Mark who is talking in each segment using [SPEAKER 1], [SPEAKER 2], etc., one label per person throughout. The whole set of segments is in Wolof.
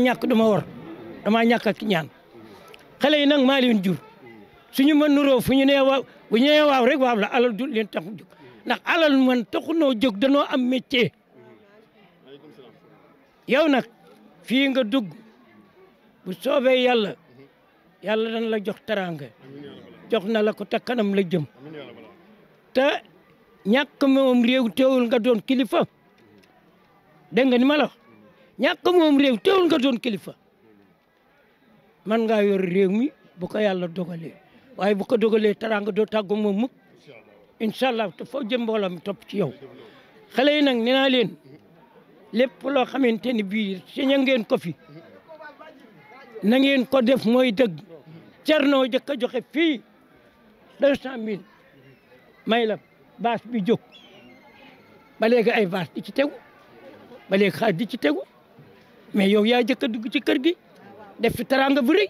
[SPEAKER 1] ñak duma wor dama ñak ak ñaan xalé yi nak ma leen jur suñu mën nuro fuñu neewa bu ñeewa rek waam la alal du leen taxu juk nak alal man taxu noo jóg am métier yow nak fi nga dugg bu soobe yalla yalla dana la jox teranga jox na la ko takanam la jëm ta ñak moom rew teewul nga doon kilifa de nga ni ma la ñàkk moom réew teewul nga doon kilifa man ngaa yor réew mi bu ko yàlla dogalee waaye bu ko dogalee taraanga doo tàggu moom mukk inshallah, allah te foo jëm mbooloo mi topp ci yow xale yi nag nee naa leen lépp loo xamante ni bii sañ ngeen ko fi na ngeen ko def mooy dëgg Cerno jëkk a joxe fii deux cent mille may la baas bi jóg ba léegi ay baas di ci tegu ba léegi xaaj di ci tegu mais yow yaa jëkk a dugg ci kër gi def fi teraanga bu rëy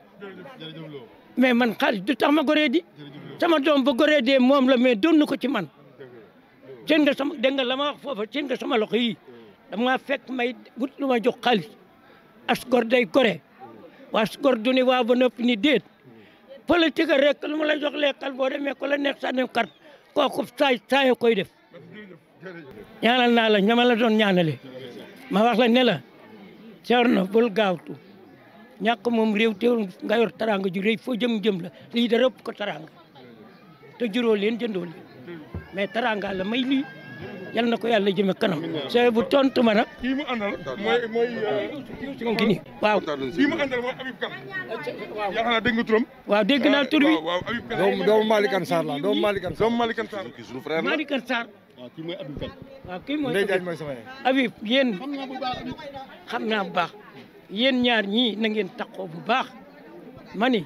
[SPEAKER 1] mais man xaalis du tax ma goree di sama doom ba goree dee moom la mais doon na ko ci man seen nga sama dégg la ma wax foofa seen nga sama loxo yi dama fekk may wut lu ma jox xaalis as gor day gore waa as gor du ni waa ba noppi ni déet politique rek lu ma la jox lekkal boo demee ko la nekk sa nem kooku saay saay koy def ñaanal naa la ñama la doon ñaanale ma wax la ne cerna na bul gaawtu ñàkk moom réew teewul nga yor taranga ju rëy fo jëm jëm la li dara ëpp ko taranga te juro len jëndoo leen mais taranga la may li yalla nako yalla jëme kanam sey bu tontu mana nag mu andal
[SPEAKER 2] moy moy ci ngi ni
[SPEAKER 1] waaw kii mu
[SPEAKER 2] andal mooy abib kam waaw ya
[SPEAKER 1] xana nga turum waaw
[SPEAKER 2] dégg na tur bi do Malick Ansar la do Malick Ansar doomu Malick Ansar Malick
[SPEAKER 1] Ansar waaw kii mooy Habib Kane. waaw kii mooy Ndeye Diagne mooy xam naa bu baax yéen ñaar ñii nangeen ngeen taxoo bu baax ma ni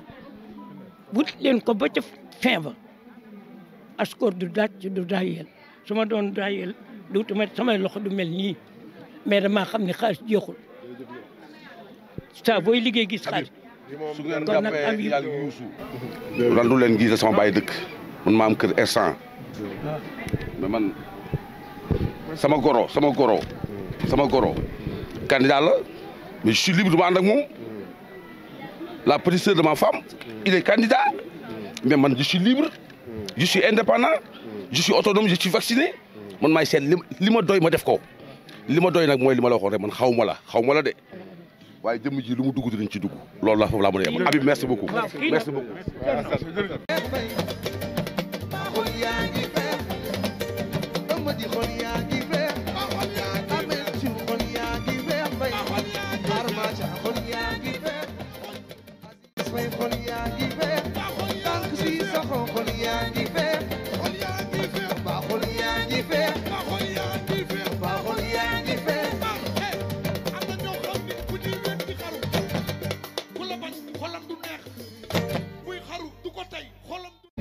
[SPEAKER 1] wut leen ko ba ca fin ba askor du daaj du daayel su ma doon daayel duutuma samay loxo du mel nii mais damaa xam ni xaalis jeexul saa booy liggéey gis xaalis. su ngeen jàppee yàlla yuusu.
[SPEAKER 3] lan du sama baay dëkk man maa kër instant. mais man sama goro sama goro sama goro candidat la mais je suis libre de m'en ak la petite sœur de ma femme il est candidat mais man je suis libre je suis indépendant je suis autonome je suis vacciné man maay seet li doy ma def ko lima doy nak moy lima la xone man xawma la xawma la de waye jëmm ji lu mu dugg dinañ ci dugg lolou la fof la mën a yemal merci beaucoup merci beaucoup
[SPEAKER 4] de your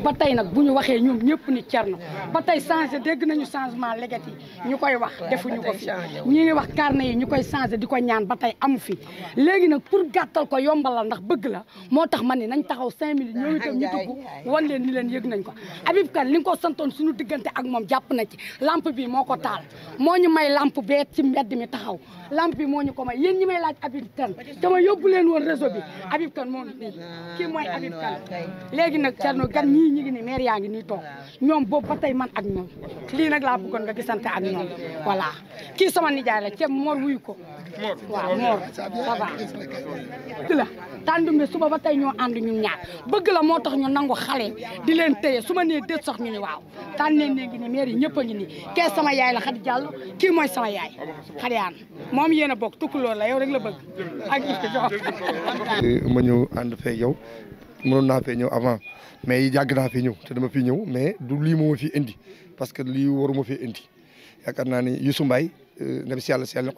[SPEAKER 5] ba tey nag bu ñu waxee ñoom ñëpp ni Thierno ba tey changé dégg nañu changement légat yi ñu koy wax defuñu ko fi ñu ngi wax carnet yi ñu koy changé di ko ñaan ba tey amu fi léegi nag pour gàttal ko yombalal ndax bëgg la moo tax man ni nañ taxaw cinq minutes ñëw itam ñu dugg wan leen ni leen yëg nañ ko Habib Kane li nga ko santoon suñu diggante ak moom jàpp na ci lampe bi moo ko taal moo ñu may lampe bee ci mbedd mi taxaw lampe bi moo ñu ko may yéen ñi may laaj Habib Kane dama yóbbu leen woon réseau bi Habib moo ngi ñu ngi nii maire yaa ngi nii to ñoom boobu ba tey man ag ñoom lii nag laa bëggoon nga gisante ak ñoom voilà kii sama nijaay la ceeb Mor wuyu ko
[SPEAKER 6] waaw Mor ça va
[SPEAKER 5] la tàndumbe suba ba tey ñoo ànd ñun ñaar bëgg la moo tax ñu nangu xale di leen téye su ma nee déet sax ñu ni waaw tànneen nee ngi nii maire yi ngi nii kee sama yaay la Khady Diallo kii mooy sama yaay Khady Anne moom yéen a bokk tukkulool la yow rek la bëgg ak
[SPEAKER 7] ma ñëw ànd fee yow mënoon mais yàgg naa fi ñëw te dama fi ñëw mais du lii moo ma fi indi parce que lii waruma fi indi yaakaar naa ni Youssou Mbaye euh, na bi si yàlla si yàlla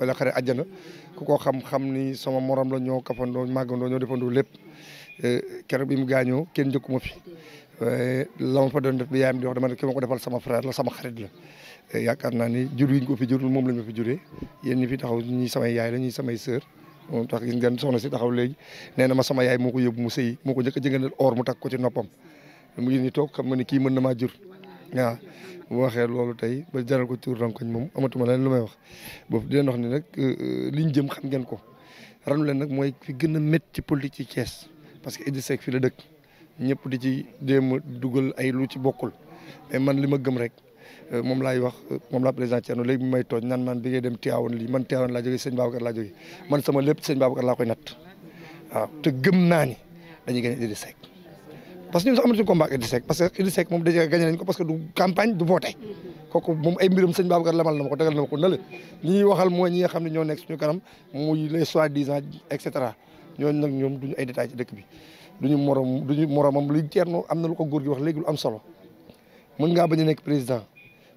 [SPEAKER 7] ku ko xam-xam ni sama morom la ñoo kafandoo màggandoo ñoo defandoo lépp euh, keroog bi mu gaañoo kenn njëkkuma fi euh, la ma fa doon def bi yaayam di wax ko defal sama frère la sama xarit la yaakaar naa ni jur yi ñu ko fi jur moom la ñu fi juree yéen ñi fi taxaw ñi samay yaay la ñi samay sœur moom tax gis ngeen soxna si taxaw léegi nee na ma sama yaay moo ko yóbbu mu sëy moo ko njëkk a jëngandal or mu takk ko ci noppam mu ngi nii toog xam nga ni kii mën na maa jur waaw bu waxee loolu tey ba jaral ko ci rankoñ moom amatuma leneen lu may wax boobu di leen wax ni nag euh, euh, liñ jëm xam ngeen ko ranu leen nag mooy fi gën a métti ci politique ci cees parce que Idrissa Seck fi la dëkk ñëpp di ci déem dugal ay lu ci bokkul mais man li ma gëm rek euh, moom laay wax moom laa président no léegi may tooñ nan man bi ngay dem Tivaouane lii man Tivaouane laa jógee sëñ Babacar laa jógee man sama lépp sëñ Babacar laa koy nat waaw te gëm naa ni dañuy gën a Idrissa parce que ñun sax amatuñu combat ak Idrissa Seck parce que Idrissa Seck moom déjà gagné nañ ko parce que du campagne du voté kooku moom ay mbiram sëñ Babacar lamal na ma ko tegal na ma ko ñi ñuy waxal mooy ñi nga xam ne ñoo nekk suñu kanam muy les soi-disant et cetera ñooñu nag ñoom duñu ay détails ci dëkk bi duñu morom duñu moromam luy ceerno am na lu ko góor gi wax léegi lu am solo mën ngaa bañ nekk président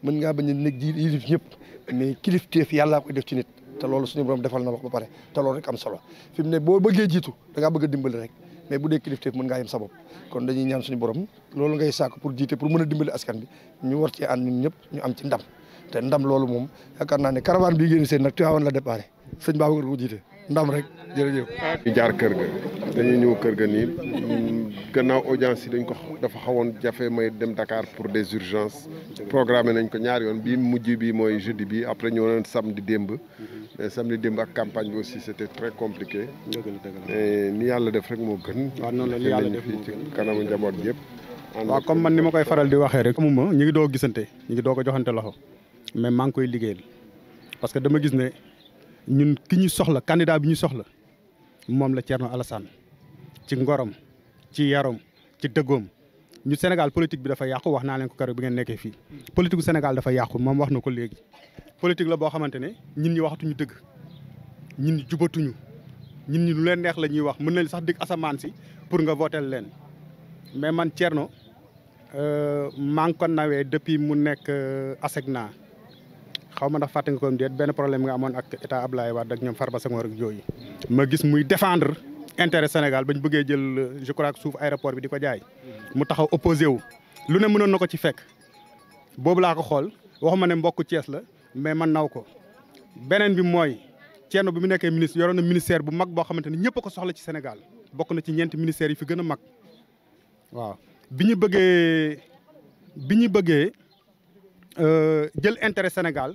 [SPEAKER 7] mën ngaa bañ a nekk ji yilif ñëpp mais kilifteef yàllaa koy def ci nit te loolu suñu borom defal na wax ba pare te loolu rek am solo fi mu ne boo bëggee jiitu da bëgg a rek mais bu dee kilifteef mën ngaa yem sa bopp kon dañuy ñaan suñu borom loolu ngay sàkk pour jiite pour mën a dimbali askan bi ñu war ci ànd ñun ñëpp ñu am ci ndam te ndam loolu moom yaakaar naa ne karawaan bii ngeen seen nag Tivaouane la déparé sëñ Babacar ko jiite ndam rek jërëjëf.
[SPEAKER 8] ñu jaar kër ga dañu ñëw kër ga nii gannaaw audience yi dañ ko dafa xawoon jafe may dem Dakar pour des urgences programmé nañ ko ñaar yoon bii mujj bi mooy jeudi bi après ñëw leen samedi démb. mais samedi démb ak campagne bi aussi c' était très compliqué. ni yàlla def rek moo gën. waaw noonu la li yàlla def fii ci kanamu
[SPEAKER 9] njaboot yëpp. waaw comme man ni ma koy faral di waxee rek. amuma ñu ngi doog gisante ñu ngi doog a joxante loxo mais maa ngi koy liggéeyal parce que dama gis ne. ñun ki ñu soxla candidat bi ñu soxla moom la Thierno Alassane ci ngorom ci yarom ci dëggoom ñu Sénégal politique bi dafa yàqu wax naa leen ko keroog bi ngeen nekkee fii. politique gu Sénégal dafa yàqu moom wax na ko léegi politique la boo xamante ne ñun ñu waxatuñu dëgg ñun ñi jubatuñu ñun ñi leen neex la ñuy wax mën nañ sax dig asamaan si pour nga votel leen mais man Thierno euh, maa ngi ko nawee depuis mu nekk euh, naa xawma ma ndax fàtte nga ko déet ben problème nga amone ak état Ablaye wad ak ñom Farba sangor ak yooyu. ma gis muy défendre intérêt Sénégal bañ bëggé jël je crois que souf aéroport bi di jaay. mu taxaw opposé wu lu ne mënon nako ci fekk bobu la ko xol waxuma ne mbokk ties la mais man naw ko benen bi moy Thierno bi mu nekké ministre yoro na ministère bu mag bo xamanteni ni ñëpp a ko soxla ci Sénégal bokku na ci ñent ministère yi fi gëna a mag waaw biñu bëggé biñu bëggé euh jël intérêt Sénégal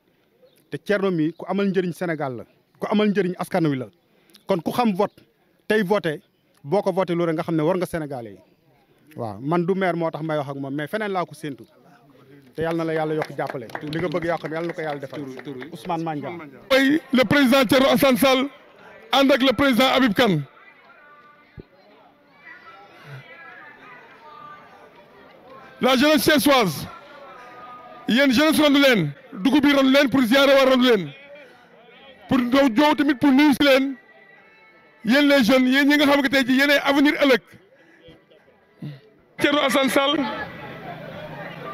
[SPEAKER 9] te Thierno mi ku amal njëriñ Sénégal la ku amal njëriñ askan wi la kon ku xam vote tey voté boo ko voté loolu nga xam ne war nga sénégalais waaw man du meer moo tax may wax ak moom mais feneen laa ko séentu te yàlla na la yàlla yokk jàppale li nga bëgg yaa xam yàlla na ko yàlla defal Ousmane Mandiang
[SPEAKER 2] mooy le président Thierno Assane Sall ànd ak le président Habib Kane la jeunesse thiessoise yéen jeunesse rondu dugub bi ron leen pour ziare war ron leen pour doo jow tamit pour nuyu si leen yéen les jeunes yéen ñi nga xam ne tey jii yeneen avenir ëllëg Thierno Assane Sall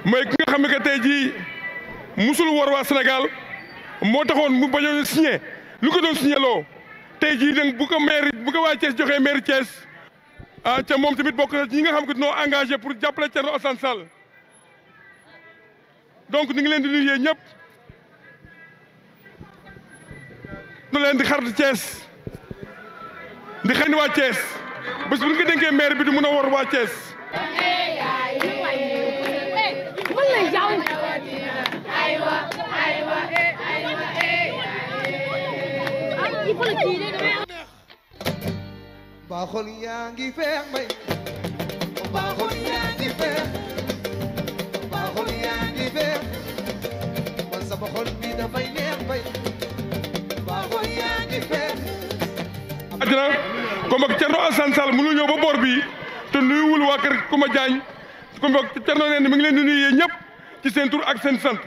[SPEAKER 2] mooy ki nga xam ne que tey jii musul war waa Sénégal moo taxoon mu bañoon signé lu ko doon signé loo tey jii nag bu ko maire bu ko waa Thiès joxee maire Thiès ah ca moom tamit bokk na ci ñi nga xam ne ñoo engagé pour jàppale Thierno Assane Sall donc ñu ngi leen di nuyu yéen ñëpp ñu leen di xartu Thiès di xëy waa Thiès bés bu ñu ko dénkee maire bi du mun a war waa Thiès.
[SPEAKER 4] ba xol yaa ngi feex mbay ajna
[SPEAKER 2] ko mbok Thierno Alassane Sall mënul ñëw ba boor bii te nuyuwul waa kër Coumba Diagne ko mbok Thierno nee mi ngi leen di nuyu yéen ñëpp ci seen tur ak seen sant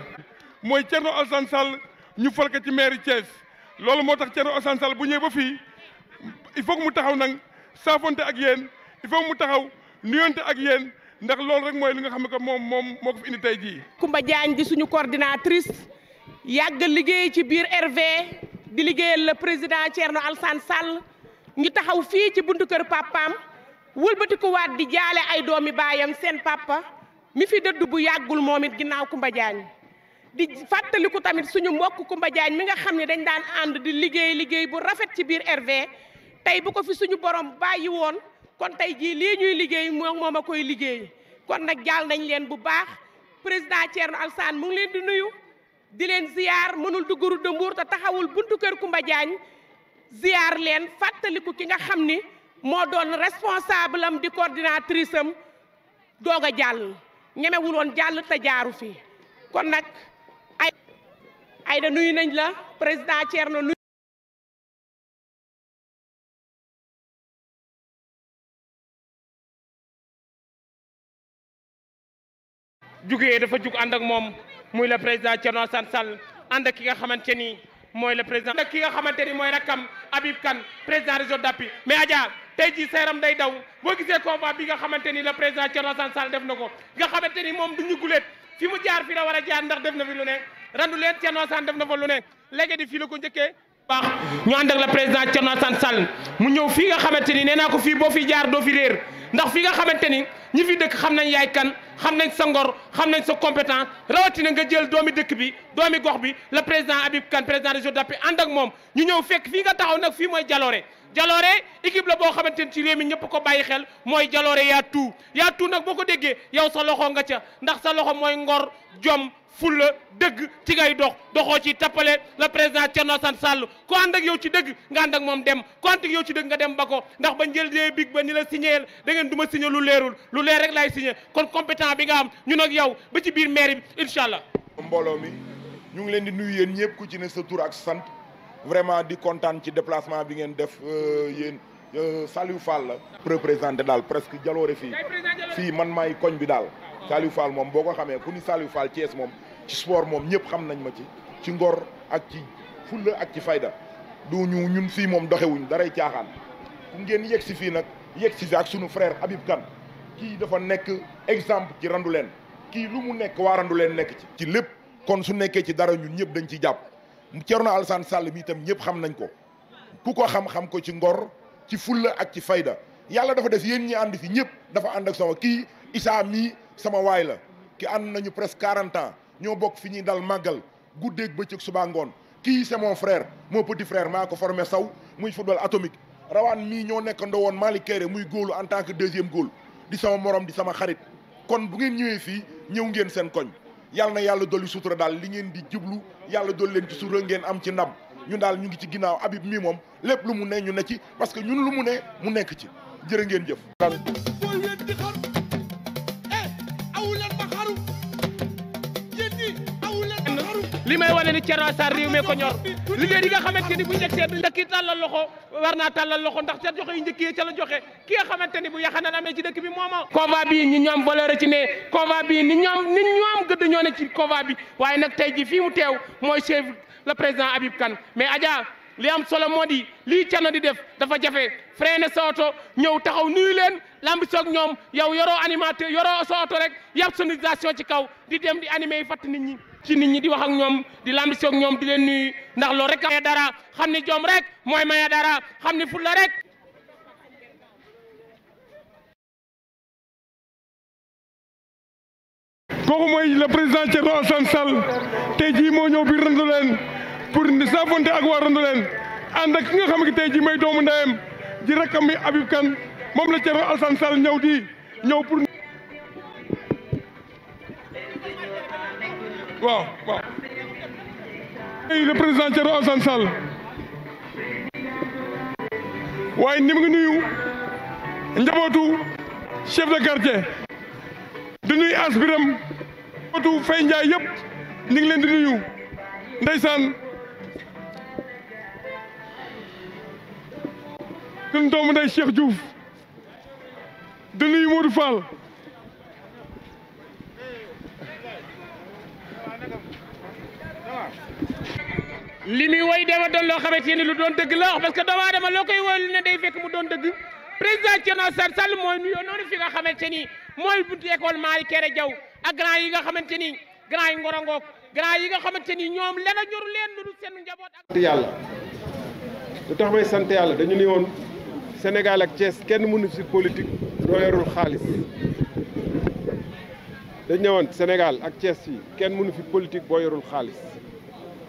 [SPEAKER 2] mooy Thierno Alassane Sall ñu fal ko ci maire Thiès loolu moo tax Thierno Alassane Sall bu ñëwee ba fii il faut que mu taxaw nag saafonte ak yéen il faut mu taxaw nuyonte ak yéen ndax loolu rek mooy li nga xam ne que moom moom fi indi tey jii. Coumba Diagne di suñu coordinatrice yag
[SPEAKER 10] liggéey ci biir RV di liggéeyal le président Thierno Alsane Sall ñu taxaw fi ci buntu kër ko wat di jaale ay doomi sen sen papa mi fi dëdd bu yagul momit it ku Kumba di fàttaliku tamit suñu mbokk ku Diagne mi nga xamni dañ daan and di liggéey liggéey bu rafet ci biir RV tay bu ko fi suñu borom bayyi won kon tay ji li ñuy liggéey mo ak moma koy liggéey kon nak jaal nañ leen bu baax président Thierno Alsane mu ngi leen di nuyu di len ziar mënul dugg Route de Mbour te taxawul buntu keur Kumba Diagne ziyaar leen fàttaliku ki nga xamni mo moo doon responsable am di coordinatrice am doga jall jàll ñemewul won jall ta jaaru fi kon nak ay ay da nuyu nañ la president cierno nuyu dafa juk ànd ak muy la président Thierno Alassane Sall ànd ak ki nga xamante ni mooy le président ànd ki nga xamante ni mooy rakkam Habib Kane président réseau d'appui mais Adja tey jii seeram day daw boo gisee convoi bi nga xamante ni le président Thierno Alassane Sall def na ko nga xamante ni moom du ñu guleet fi mu jaar fi la war a jaar ndax def na fi lu ne randu leen Thierno Alassane def na fa lu ne léegi di fii la ko njëkkee baax ñu ànd ak le président Thierno Alassane sal mu ñëw fii nga xamante ni nee naa ko fii boo fi jaar fi réer ndax fi nga xamante ni ñi fi dëkk xam nañ yaay kan xam nañ sa ngor xam nañ sa compétence rawatina nga jël doomi dëkk bi doomi gox bi le président Habib Kane président région d'appui ànd ak moom ñu ñëw fekk fii nga taxaw nag fii mooy jaloore jaloore équipe la boo xamante ni ci réew mi ñëpp ko bàyyi xel mooy jaloore yaa tu yaa tout nag boo ko déggee yow sa loxo nga ca ndax sa loxo mooy ngor jom fulle deug ci ngay dox doxo ci tapale le president tierno san Sall ko and ak yow ci deug nga and ak mom dem ko ànd ak yow ci deug nga dem bako ndax ba ngeel njël big ba ni la signer da ngeen duma signer lu leerul lu leer rek lay signer kon competent bi nga am ñun ak yow ba ci biir maire bi inshallah
[SPEAKER 3] mbolo mi ñu ngi leen di nuyu yeen ñepp ku ci ne sa tour ak sante vraiment di contane ci déplacement bi ngeen def euh, yeen euh, Saliou Fall la représenté daal presque jaloore fii fi man may koñ bi dal Saliou Fall moom boo ko xamee ku ni Saliou Fall Thiès moom ci sport moom ñëpp xam nañ ma ci ci ngor ak ci fulla ak ci fayda du ñu ñun fii moom doxewuñ daray caaxaan ku ngeen yegg si fii nag yegg si fi ak sunu frère Habib Kane kii dafa nekk exemple ci randu leen kii lu mu nekk waa randu leen nekk ci ci lépp kon su nekkee ci dara ñun ñëpp dañ ci jàpp na Alassane Sall mi itam ñëpp xam nañ ko ku ko xam-xam ko ci ngor ci fulla ak ci fayda yàlla dafa def yéen ñi ànd ñëpp dafa sama waay la ki ànd nañu presque quarante ans ñoo bokk fi ñuy dal màggal guddeeg bëccëg subaa ngoon kii c'est mon frère mon petit frère maa ko forme saw muy football atomique rawaan mii ñoo nekk ndawoon Malick Kéré muy góolu en tant que deuxième góol di sama moroom di sama xarit kon bu ngeen ñëwee fii ñëw ngeen seen koñ yàlla na yàlla dolli sutura daal li ngeen di jublu yàlla dolli leen ci sutura ngeen am ci ndam ñun daal ñu ngi ci ginnaaw Habib mii moom lépp lu mu ne ñu ne ci parce que ñun lu mu ne mu nekk ci jërë ngeen jëf limay may wane ni Thierno Sarr
[SPEAKER 10] réew mee ko ñor liggéey yi nga xamanteni bu njëkkee ndëkk yi loxo warna talal loxo ndax ca joxe yi njëkk yi ca la joxe ki nga xamanteni bu yaxana na amee ci dëkk bi momo kova bi ñi ñoom valeur ci né kova bi ni ñom ni ñom gëdd ñoo ne ci kova bi waaye nak tay ji fi mu tew moy chef le président Habib kan mais Adja li am solo modi li lii Thierno di def dafa jafé freiné soto oto ñëw taxaw nuyu leen lambi ak ñom yow yoro animateur yoro soto rek yab sonorisation ci kaw di dem di animer fat fatt nit ñi ci nit ñi di wax ak ñoom di lambi soog ñoom di leen nuyu ndax loolu rek a dara xam ni jom rek mooy maye dara xam ni fulla rek
[SPEAKER 2] kooku mooy le président Thierno Alassane Sall tey jii moo ñëw biir Randoulène pour saafonte ak waa Randoulène ànd ak ki nga xam ne tey jii mooy doomu ndeyam ji rakkam mi Habib Kane moom la Thierno Alassane Sall ñëw di ñëw pour waaw waaw le président Thierno Alassane Sall waaye ni mu ngi nuyu njabootu chef de quartier di nuyu aspiram njabootu Faye Ndiaye yëpp ñu ngi leen di nuyu ndeysaan suñu doomu ndey Cheikh Diouf di nuyu Modou Fall
[SPEAKER 10] li muy woy dama doon loo xamante ni lu doon dëgg la parce que doomu aadama loo koy woy lu ne day fekk mu doon dëgg président Thierno Alassane Sall mooy nuyoo noonu fi nga xamante ni mooy buntu école Malick Kéré Diaw ak yi nga xamante ni grand yi ngorangook grand yi nga xamante ni ñoom lena ñoru leen lu dul seen
[SPEAKER 8] njaboot ak yàlla lu tax may sant yàlla dañu ne woon Sénégal ak Thiès kenn mënu ci politique xaalis dañ ne woon Sénégal ak Thiès yi kenn mënu fi politique boo yorul xaalis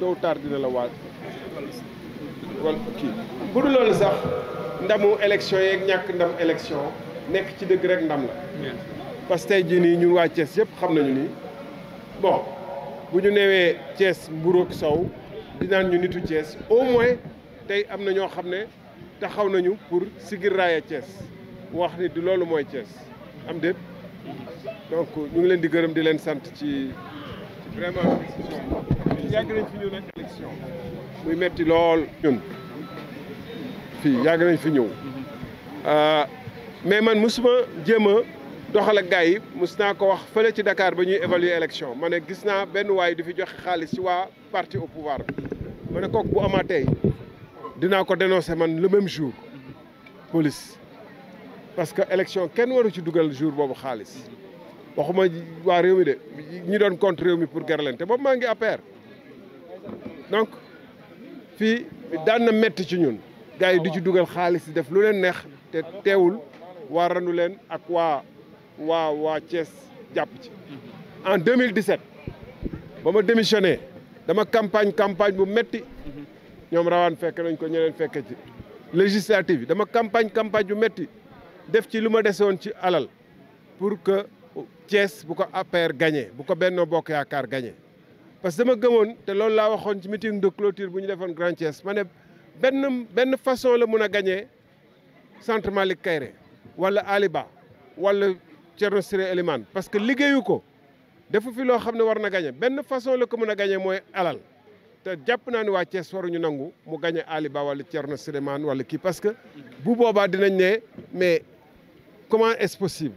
[SPEAKER 8] tôt ou tard dina la waaj wala kii bu du loolu sax ndamu élection yeeg ñàkk ndam élection nekk ci dëgg rek ndam la parce que jii nii ñun waa Thiès yëpp xam nañu ni bon bu ñu newee Thiès mburoog sow dinaan ñu nitu Thiès au moins tey am na ñoo xam ne taxaw nañu pour sigir raaya wax ni di loolu mooy Thiès am déet mm-hmm. donc ñu ngi leen di gërëm di leen sant ci vraiment fii nañ fi ñëw nag muy metti lool ñun fii yàgg nañ fi ñëw ah, mais man mosuma jéem a doxal ak yi mos naa ko wax fële ci Dakar ba ñuy évaluer élection ma ne gis naa benn waay di fi joxe xaalis ci waa parti au pouvoir bi ma ne kooku bu amaatee dinaa ko dénoncer man le même jour police parce que élection kenn waru ci dugal jour boobu xaalis waxuma waa réew mi de ñi doon contre réew mi pour ger leen te boobu maa ngi donc fii daan na métti ci ñun gars yi di ci dugal xaalis def lu leen neex te teewul waa randu leen ak waa waa waa Thiès jàpp ci en 2017 ba ma démissionné dama campagne campagne bu métti ñoom rawaan fekk nañ ko ñeneen fekke ci législative yi dama campagne campagne bu métti def ci lu ma dese ci alal pour que Thiès bu ko APR gagner, bu ko Benno Bokk Yaakaar gagné parce que dama gëmoon te loolu laa waxoon ci meeting de clôture bu ñu defoon Grand Thiès ma ne benn benn façon la mun gagner, centre Malick Kayré wala Aliba wala Thierno Siré parce que liggéeyu ko defu fi loo xam ne war na gagné benn façon la ko mun a gagné alal te jàpp naa ne waa Thiès waruñu nangu mu gagné Aliba wala Thierno Siré Elimane wala kii parce que bu boobaa dinañ ne mais comment est-ce possible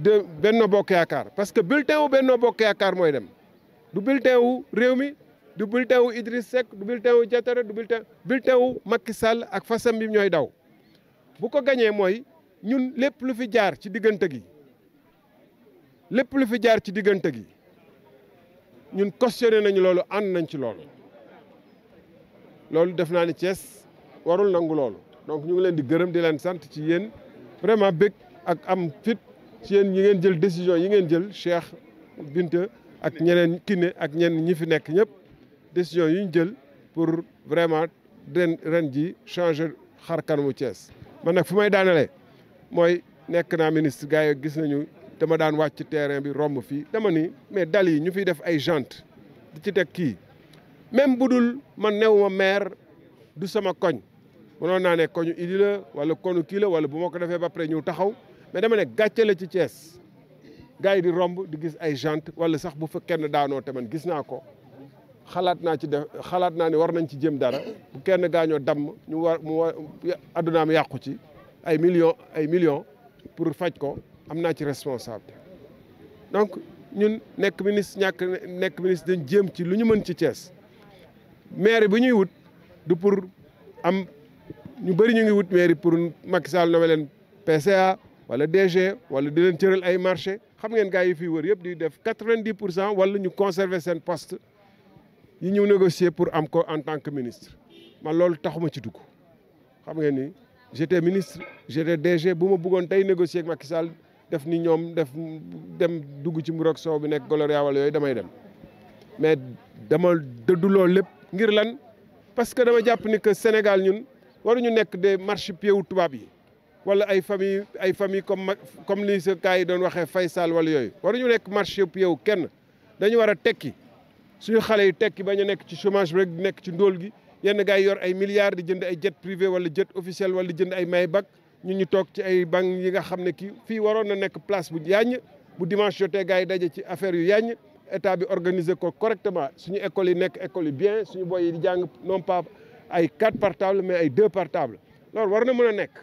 [SPEAKER 8] de Benno Bokk Yaakaar parce que bulletin wu Benno Bokk Yaakaar mooy dem du bulletin wu réew mi du bulletin wu Idriss Seck du bulletin wu Diatara du bulletin bulletin wu Macky Sall ak fasam bi daw bu ko gañee mooy ñun lépp lu fi jaar ci diggante gi lépp lu fi jaar ci diggante gi ñun questionné nañu loolu ànd nañ ci lool loolu def naa ne Thiès warul nangu loolu donc ñu ngi leen di gërëm di leen sant ci yéen vraiment bëgg ak am fit ci yéen ñi ngeen jël décision yi ngeen jël Cheikh Binta ak ñeneen Kiné ak ñenn ñi fi nekk ñëpp décision yi ñu jël pour vraiment ren ren ji changer xar kanamu Thiès. man nag fu may daanale mooy nekk naa ministre gars yi gis nañu dama daan wàcc terrain bi romb fii dama ni mais dal yi ñu fiy def ay jante di ci teg kii même bu dul man ma maire du sama koñ noon naa ne koñu Idi la wala koñu kii la wala bu ma ko defee ba pare ñëw taxaw. mais dama ne gàcce la ci cees gars yi di romb di gis ay gent wala sax bu fa kenn daanoo te man gis naa ko xalaat naa ci xalaat naa ne war nañ ci jëm dara bu kenn gaañoo damm ñu war mu addunaam yàqu ci ay million ay millions pour faj ko am naa ci responsabilité donc ñun nekk ministre ñàkk nekk ministre dañ jéem ci lu ñu mën ci cees maire bu ñuy wut du pour am ñu bëri ñu ngi wut mairie pour Macky Sall nommé leen wala DG wala di len cëral ay marché xam ngeen gaay yi fi wër yëpp di def 90% wala ñu conserver sen poste yi ñëw négocier pour am ko en tant que ministre man lool taxuma ci dugg xam ngeen ni j'étais ministre j'étais DG buma bëggon tay négocier ak Macky Sall def ni ñom def dem dugg ci mburoog soow bi nek Gloria wala yooyu damay dem mais dama lool lepp ngir lan parce que dama japp ni que Sénégal ñun waru ñu nek des marchepieds ou tubaab yi wala ay famille ay famille comme comme li sa kaa yi doon waxee fay saal wala yooyu waruñu nekk marché wu kenn dañu war a tekki suñu xale yi tekki ba ñu nekk ci chômage rek di nekk ci ndóol gi yenn gars yi yor ay milliards di jënd ay jet privé wala jet officiel wala jënd ay maybach bag ñu ñu toog ci ay banque yi nga xam ne kii fii waroon na nekk place bu yaaññ bu dimanche jotee gars yi daje ci affaire yu yaaññ état bi organiser ko correctement suñu école yi nekk école yi bien suñu boy yi di jàng non pas ay quatre mais ay deux par loolu war na mën a nekk.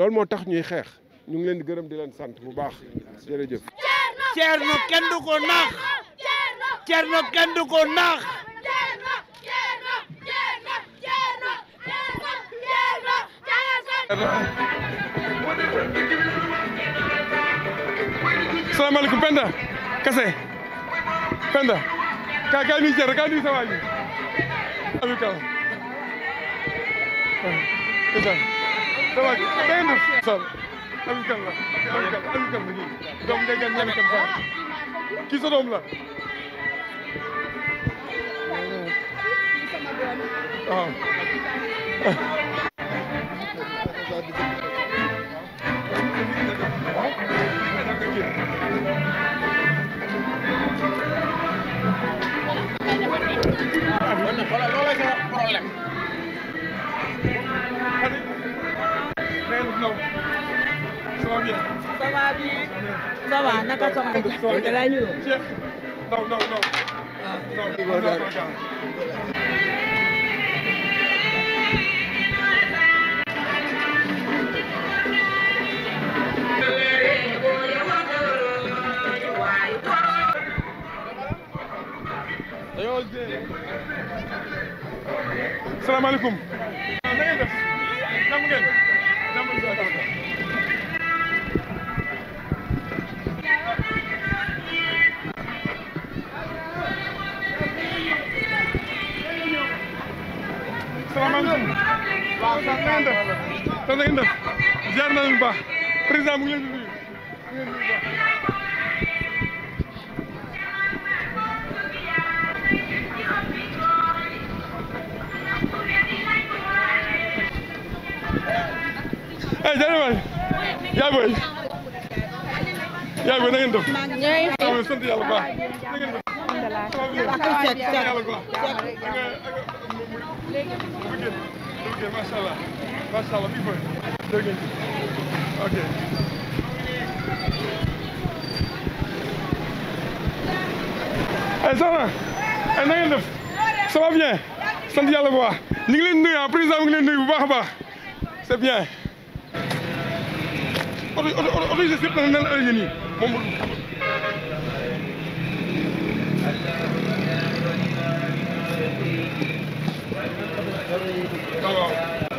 [SPEAKER 8] lool moo tax ñuy xeex ñu ngi leen di gërëm di leen sant bu baax jërëjëf.
[SPEAKER 11] Thierno kenn du ko naax. Thierno kenn du ko naax.
[SPEAKER 2] salaamaaleykum Penda Kase Penda ka ka nuyu ka nuyu sa waa ji. dama day def doom la
[SPEAKER 1] ça
[SPEAKER 2] va bien. ça va
[SPEAKER 1] naka soxna Dia. da
[SPEAKER 2] laa ñëw. non non non. salaamaaleykum. na ngeen def. salaamaaleykum
[SPEAKER 6] waaw sax na ngeen
[SPEAKER 2] def sax na ngeen def ziar nañu bu baax président ay jërëjëf yaa booy yaa booy na ngeen def. ñooy sant yàlla bu baax. macha allah macha allah bii booy dégg ok. ay soxna ay na ngeen def c'est bien. origine yëpp nag nan la ëllëgee nii moom.
[SPEAKER 6] waaw.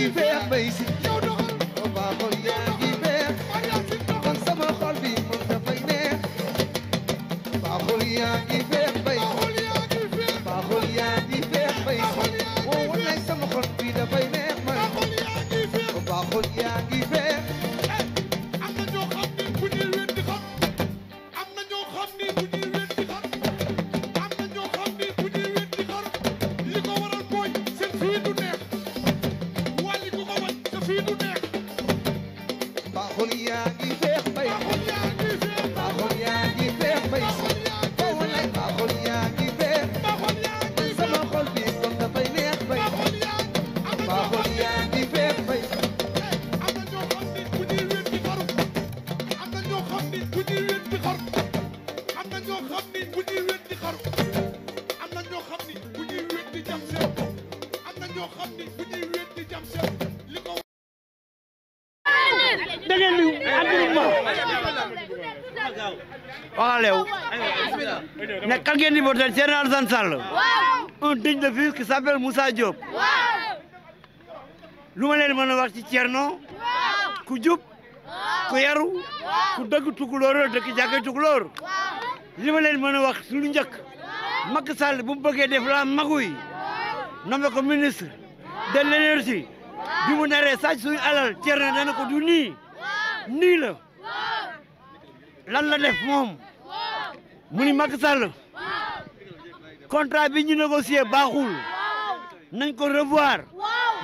[SPEAKER 4] de ver, bem se
[SPEAKER 11] Alassane Sall. un digne de lu ma leen mën a wax ci Thierno. ku jub
[SPEAKER 6] ku yaru ku dëgg
[SPEAKER 11] tukulóor la dëkk jàkkee tukulóor li ma leen mën a wax suñu njëkk Macky Sall bu mu bëggee def la maguy nommé ko ministre de l'énergie bi mu naree sàcc suñu alal Thierno dana ko du nii nii la lan la def moom mu ni Macky Sall contrat bi ñu négocier baaxul nañ ko revoir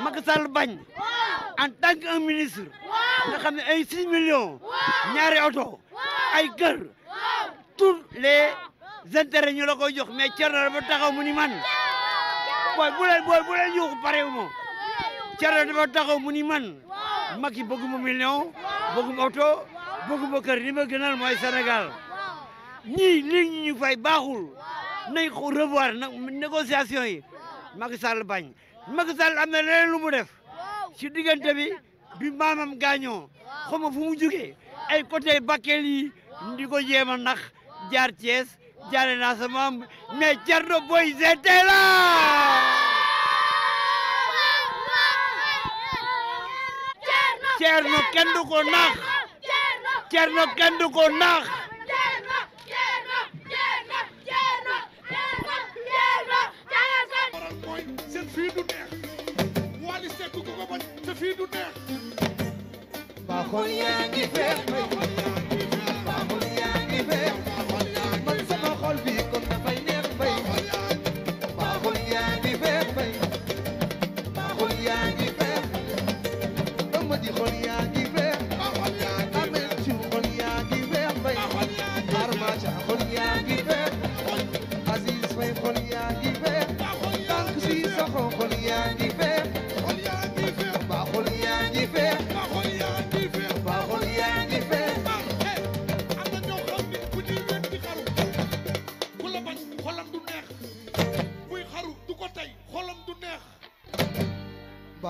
[SPEAKER 11] Macky Sall bañ en tant que ministre nga xam ne ay 6 millions ñaari oto ay kër tous les intérêts ñu la koy jox mais Thierno dafa taxaw mu ni man booy bu leen booy bu leen yuuxu pare wu ma taxaw mu ni man Macky bëgguma million bëgguma oto bëgguma kër li ma gënal moy Sénégal ñii lii ñu ñu fay baaxul nañ ko revoir nag négociation yi Macky Sall bañ Macky Sall am na lu mu def ci diggante bi bi maamam gaañoo xam fu mu jugee ay côté Bakel yi di ko jéem nax jaar Thiès jaare naa sa maam mais Thierno Boy c'était là
[SPEAKER 6] Thierno kenn du ko naax Thierno kenn
[SPEAKER 2] mooy seen fii du neex Wally Seck ku ko bañ sa fii du neex
[SPEAKER 4] ba xol yaa ngi feex ba xol yaa ngi feex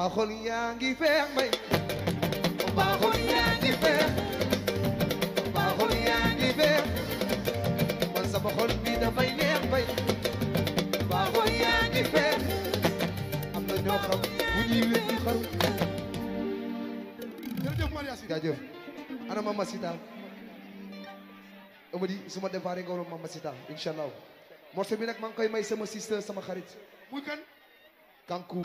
[SPEAKER 4] Bahol yang yaa ngi feex mbay mbaa xol yaa ngi feex mbaa xol bay, ngi feex man sama xol bi dafay neex mbay di Maria Sy jaajëf ana Mama Sita ama di su ma Mama Sita incha allah morceau bi may sama sister sama
[SPEAKER 6] Kankou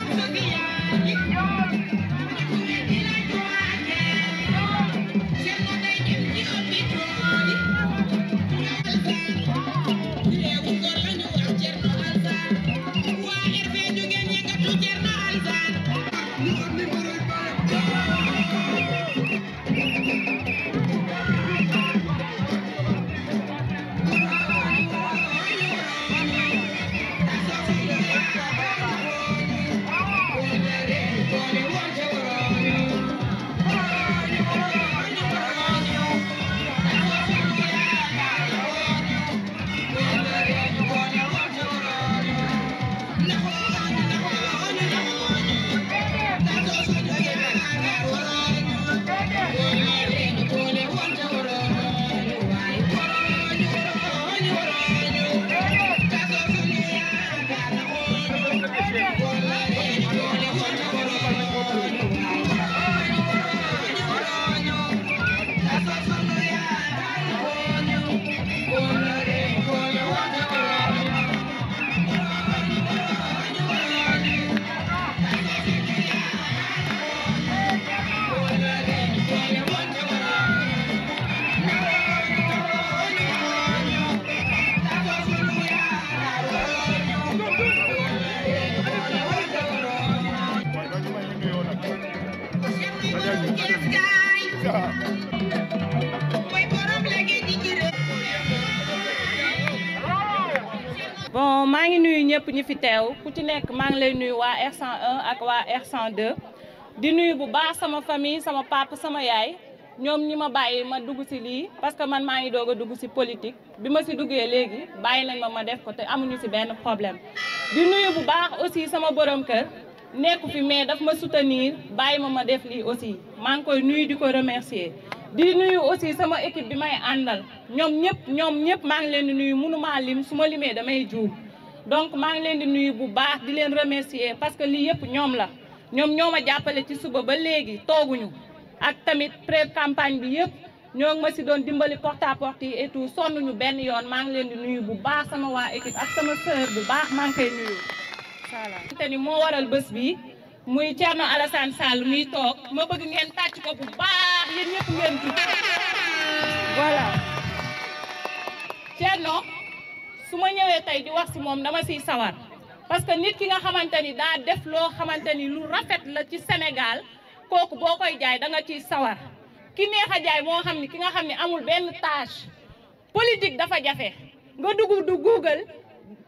[SPEAKER 12] ñi fi teew ku ci nekk maa ngi lay nuyu waa R101 ak waa R102 di nuyu bu baax sama famille sama papa sama yaay ñoom ñi ma bàyyi ma dugg si lii parce que man maa ngi doog a dugg si politique bi ma si duggee léegi bàyyi nañ ma ma def ko te amuñu si benn problème di nuyu bu baax aussi sama borom kër nekku fi mais dafa ma soutenir bàyyi ma ma def lii aussi maa ngi koy nuyu di ko remercier di nuyu aussi sama équipe bi may àndal ñoom ñëpp ñoom ñëpp maa ngi leen di nuyu mënumaa lim su ma limee damay juum donc maa ngi leen di nuyu bu baax di leen remercier parce que lii yëpp ñoom la ñoom ñoo ma jàppale ci suba ba léegi tooguñu ak tamit pré campagne bi yëpp ñoo ngi ma si doon dimbali porte à porte yi et tout sonnuñu benn yoon maa ngi leen di nuyu bu baax sama waa équipe ak sama sœur bu baax maa ngi koy nuyu. te ni moo waral bés bi muy Thierno Alassane Sall muy toog ma bëgg ngeen tàcc ko bu baax yéen ñëpp ngeen tudd voilà Thierno. su ma ñëwee tey di wax si moom dama siy sawar parce que nit ki nga xamante ni daa def loo xamante ni lu rafet la ci Sénégal kooku boo koy jaay da nga ciy sawar ki neex a jaay moo xam ni ki nga xam ni amul benn tâche politique dafa jafe nga dugg du Google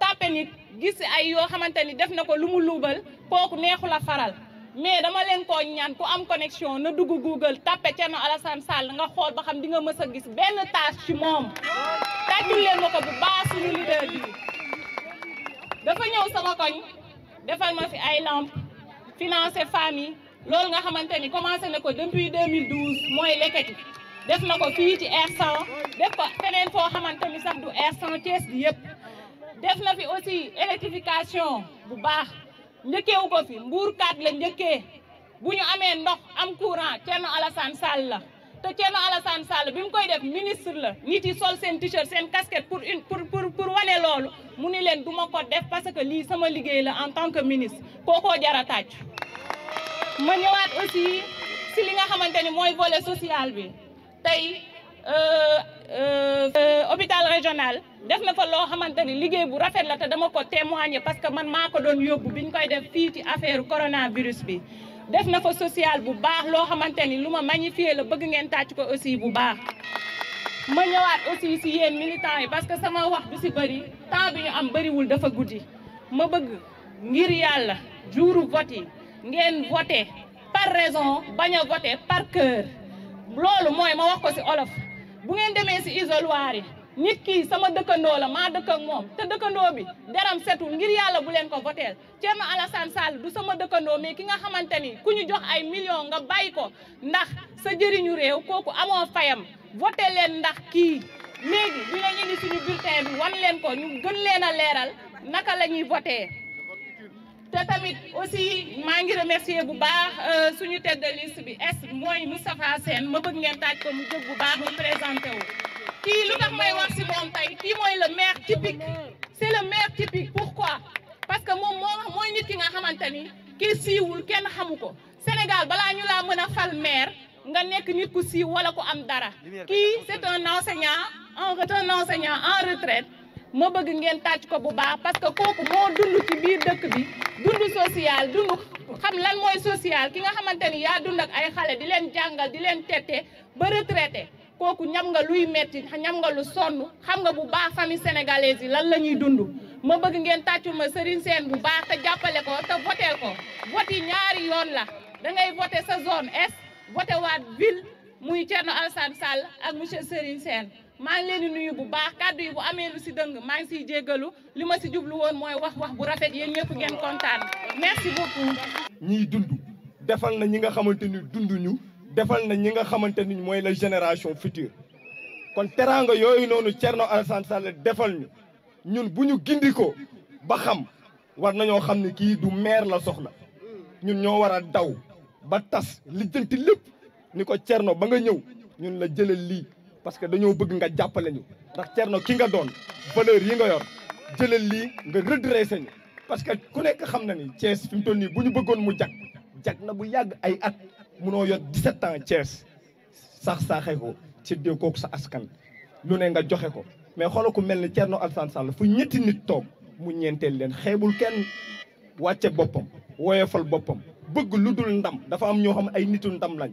[SPEAKER 12] tàppe nit gis ay yoo xamante ni def na ko lu mu luubal kooku neexu la faral mais dama leen koo ñaan ku am connexion na dugg Google tapé Thierno Alassane Sall nga xool ba xam di nga mës a gis benn tâche ci moom tàccul leen ma ko bu baax suñu leader bi dafa ñëw sama koñ defal ma fi ay lampe financer famille loolu nga xamante ni commencé na ko depuis 2012 mooy lekkati def na ko fii ci R100 def ko feneen foo xamante ni sax du R100 Thiès bi yëpp def na fi aussi électrification bu baax njëkkeewu ko fi mbuurkaat la njëkkee bu ñu amee ndox am courant Thierno Alassane Sall la te Thierno Alassane Sall bi mu koy def ministre la nit yi sol seen t seen casquette pour une pour pour pour wane loolu mu ni leen du ma ko def parce que lii sama liggéey la en tant que ministre kookoo jara tàcc ma ñëwaat aussi si li nga xamante ni mooy volet social bi tey Euh, euh, euh, hôpital régional def na fa loo xamante ni liggéey bu rafet la te dama ko témoigner parce que man maa ko doon yóbbu bi ñu koy def fii ci affaire coronavirus bi. def na fa social bu baax loo xamante ni lu ma magnifier la bëgg ngeen tàcc ko aussi bu baax. ma ñëwaat aussi si yéen militants yi parce que sama wax du si bëri temps bi ñu am bëriwul dafa guddi ma bëgg ngir yàlla juru vote ngeen voté par raison bañ a par cœur loolu mooy ma wax ko si olof. bu ngeen demee si isoloir yi nit kii sama dëkkandoo la maa dëkk moom te dëkkandoo bi deram setul ngir yàlla bu leen ko voteel Thierno Alassane Sall du sama dëkkandoo mais ki nga xamante ni ku ñu jox ay millions nga bàyyi ko ndax sa jëriñu réew kooku amoo fayam voté leen ndax kii léegi dinañ indi suñu bulletin bi wan leen ko ñu gën leen a leeral naka lañuy ñuy te tamit aussi maa ngi remercier bu baax euh, suñu tête de bi est mooy Moustapha Sène ma bëgg ngeen taaj ko mu jóg bu baax mu présenté wu. kii lu tax may wax si moom tey kii mooy le maire typique c'est le maire typique pourquoi parce que moom moo mooy nit ki nga xamante ni kii siiwul kenn xamu ko Sénégal balaa ñu laa mën a fal maire nga nekk nit ku siiw wala ko am dara kii c'est un enseignant un enseignant en retraite ma bëgg ngeen tàcc ko bu baax parce que kooku moo dund ci biir dëkk bi dund social dund xam lan mooy social ki nga xamante ni yaa dund ak ay xale di leen jàngal di leen tette ba retraité kooku ñam nga luy metti ñam nga lu sonn xam nga bu baax famille sénégalaise yi lan la ñuy dund ma bëgg ngeen tàccul ma Serigne seen bu baax te jàppale ko te voteel ko vote yi ñaari yoon la da ngay voté sa zone est voté waat ville muy Thierno Alassane Sall ak monsieur Serigne Sène maa ngi leen di nuyu bu baax kàddu yi amee lu si dëng maa ngi siy jéggalu li ma si jublu woon mooy wax wax bu rafet yéen ñëpp ngeen kontaan merci beaucoup.
[SPEAKER 13] ñiy dund defal na ñi nga xamante ni dunduñu defal na ñi nga xamante ni mooy la génération future kon teraanga yooyu noonu no Alassane Sall defal ñu ñun bu ñu gindi ko ba xam war nañoo xam ni kii du maire la soxla ñun ñoo war a daw ba tas lijjanti lépp ni ko Thierno ba nga ñëw ñun la jëlal lii. parce que dañoo bëgg nga jàppale ñu ndax Thierno ki nga doon valeur yi nga yor jëlal lii nga redressé ñu parce que ku nekk xam na ni Thiès fi mu toll nii bu ñu bëggoon mu jag jag na bu yàgg ay at munoo yor 17 ans Thiès sax saaxee ko ci dee sa askan lu ne nga joxe ko mais xoolal ku mel ni Thierno Alassane Sall fu ñetti nit toog mu ñeenteel leen xeebul kenn wàcce boppam woyofal boppam bëgg lu dul ndam dafa am ñoo xam ay nitu ndam lañ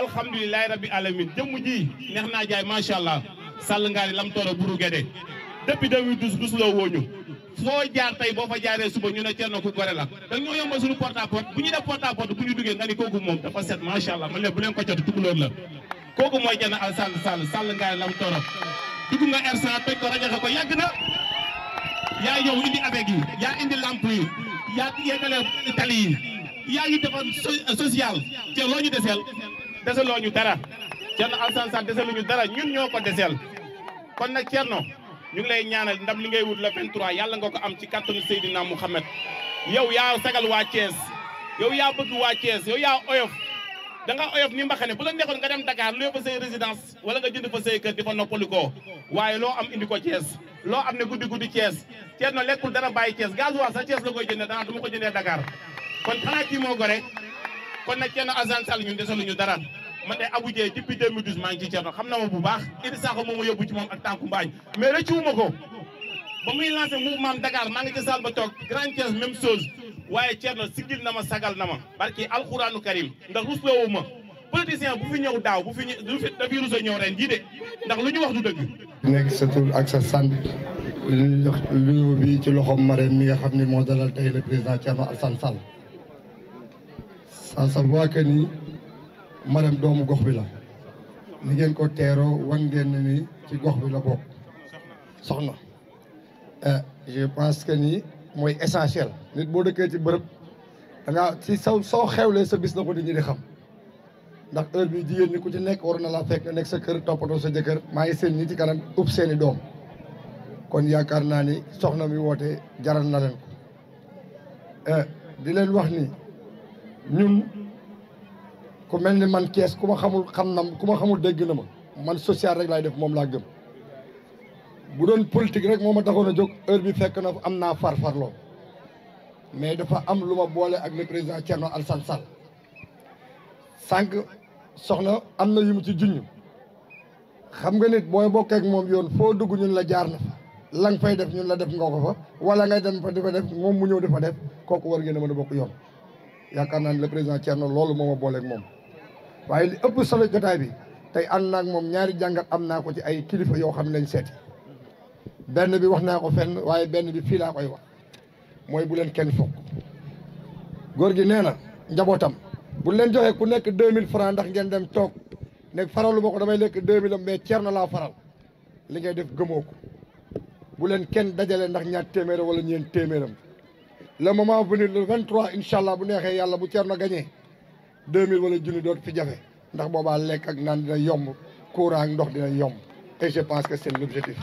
[SPEAKER 14] alhamdulilahi rabbi alamin jëmm ji neex naa jaay macha allah sàll lam tooro buru gede depuis 2012 gusuloo wooñu foo jaar tey boo fa jaaree suba ñu ne Thierno ku gore la da ñoo yombal suñu porte à porte bu nga ni kooku moom dafa set macha allah man ko jot tukulóor la kooku mooy Thierno Alassane Sall Sall ngaari lam tooro dugg nga R100 toj ko rajaxe ko yàgg na yaa yow indi avec yi yaa indi lamp yi yaa yeggale tali yi yaa ngi defar social te loo ñu deseel desaloo ñu dara Thierno Alassane Sall desalu ñu dara ñun ñoo ko deseel kon nag Thierno ñu ngi lay ñaanal ndam li ngay wut le 23 yàlla nga ko am ci kàttanu Seydina Mouhamed yow yaa sagal waa Thiès yow yaa bëgg waa Thiès yow yaa oyof da nga oyof ni mbaxane bu la neexoon nga dem Dakar lu fa say résidence wala nga jënd fa say kër di fa noppalikoo waaye loo am indi ko Thiès loo am ne guddi guddi Thiès Thiès no lekkul dara bàyyi Thiès gasoil sax Thiès la koy jëndee dana ma ko jëndee Dakar kon kon nag kenn Assane Sall ñun desaluñu dara man de Abou Dieye depuis maa ngi ci Thierno xam na ma bu baax Idrissa Sakho moom ma yóbbu ci moom ak tànku mbaañ mais rëccuwuma ko ba muy lancé mouvement Dakar maa ngi ci salle ba toog Grand Thiès même chose waaye Thierno sigil na ma sagal na ma barki alxuraanu karim ndax rusloowu ma politicien bu fi ñëw daaw bu fi ñëw dafiy rusa ñëw ren jii de ndax lu
[SPEAKER 11] ñu wax du ne
[SPEAKER 7] nekk sa tur ak sa sant lu ñu bi ci loxoom Marème mi nga xam ne moo dalal tey le président Thierno Alassane Sall à savoir que ni madame doomu gox bi la ni ngeen ko teeroo wan ngeen ni ci gox bi la bokk soxna euh, je pense que ni mooy essentiel nit boo dëkkee ci bërëb danga ngaa ci saw soo xewlee sa bis na ko nit xam ndax heure bi jigéen ñi ku ci nekk war na laa fekk nekk sa kër toppatoo sa jëkkër maa ngi seen ñi ci kanam ub seeni doom kon yaakaar naa ni soxna mi woote jaral na leen ko euh, di leen wax ni ñun ku mel ni man kees ku ma xamul xam na ku ma xamul dégg na ma man social rek laay def moom laa gëm bu doon politique rek moo ma taxoon a jóg heure bi fekk na am naa farfarloo mais dafa am lu ma boole ak le président Thierno Alassane Sall sànq soxna am na yu mu ci junj xam nga nit booy bokkee ak moom yoon foo dugg ñun la jaar na fa la nga fay def ñun la def nga ko fa wala ngay dem fa di def moom mu ñëw di fa def kooku war ngeen a mën a bokk yoon yaakaar naa ne le président Thierno loolu moom ma booleeg moom waaye li ëpp solo jotaay bi tey ànd naag moom ñaari jàngat am naa ko ci ay kilifa yoo xam ne lañ seeti benn bi wax naa ko fenn waaye benn bi fii laa koy wax mooy bu leen kenn foog góor gi nee na njabootam bu leen joxee ku nekk deux mille francs ndax ngeen dem toog ne faralu ma ko damay lekk deux mille mais Thierno laa faral li ngay def gëmoo bu leen kenn dajale ndax ñaar téeméeram wala ñeen téeméeram la le moment venu le 23 incha allah bu neexee yàlla bu Thierno gagné 2000 walla junni dootu fi jafe ndax boobaa lekk ak naan dina yomb courant ak ndox dina yomb et je pense que seen est l' objectif.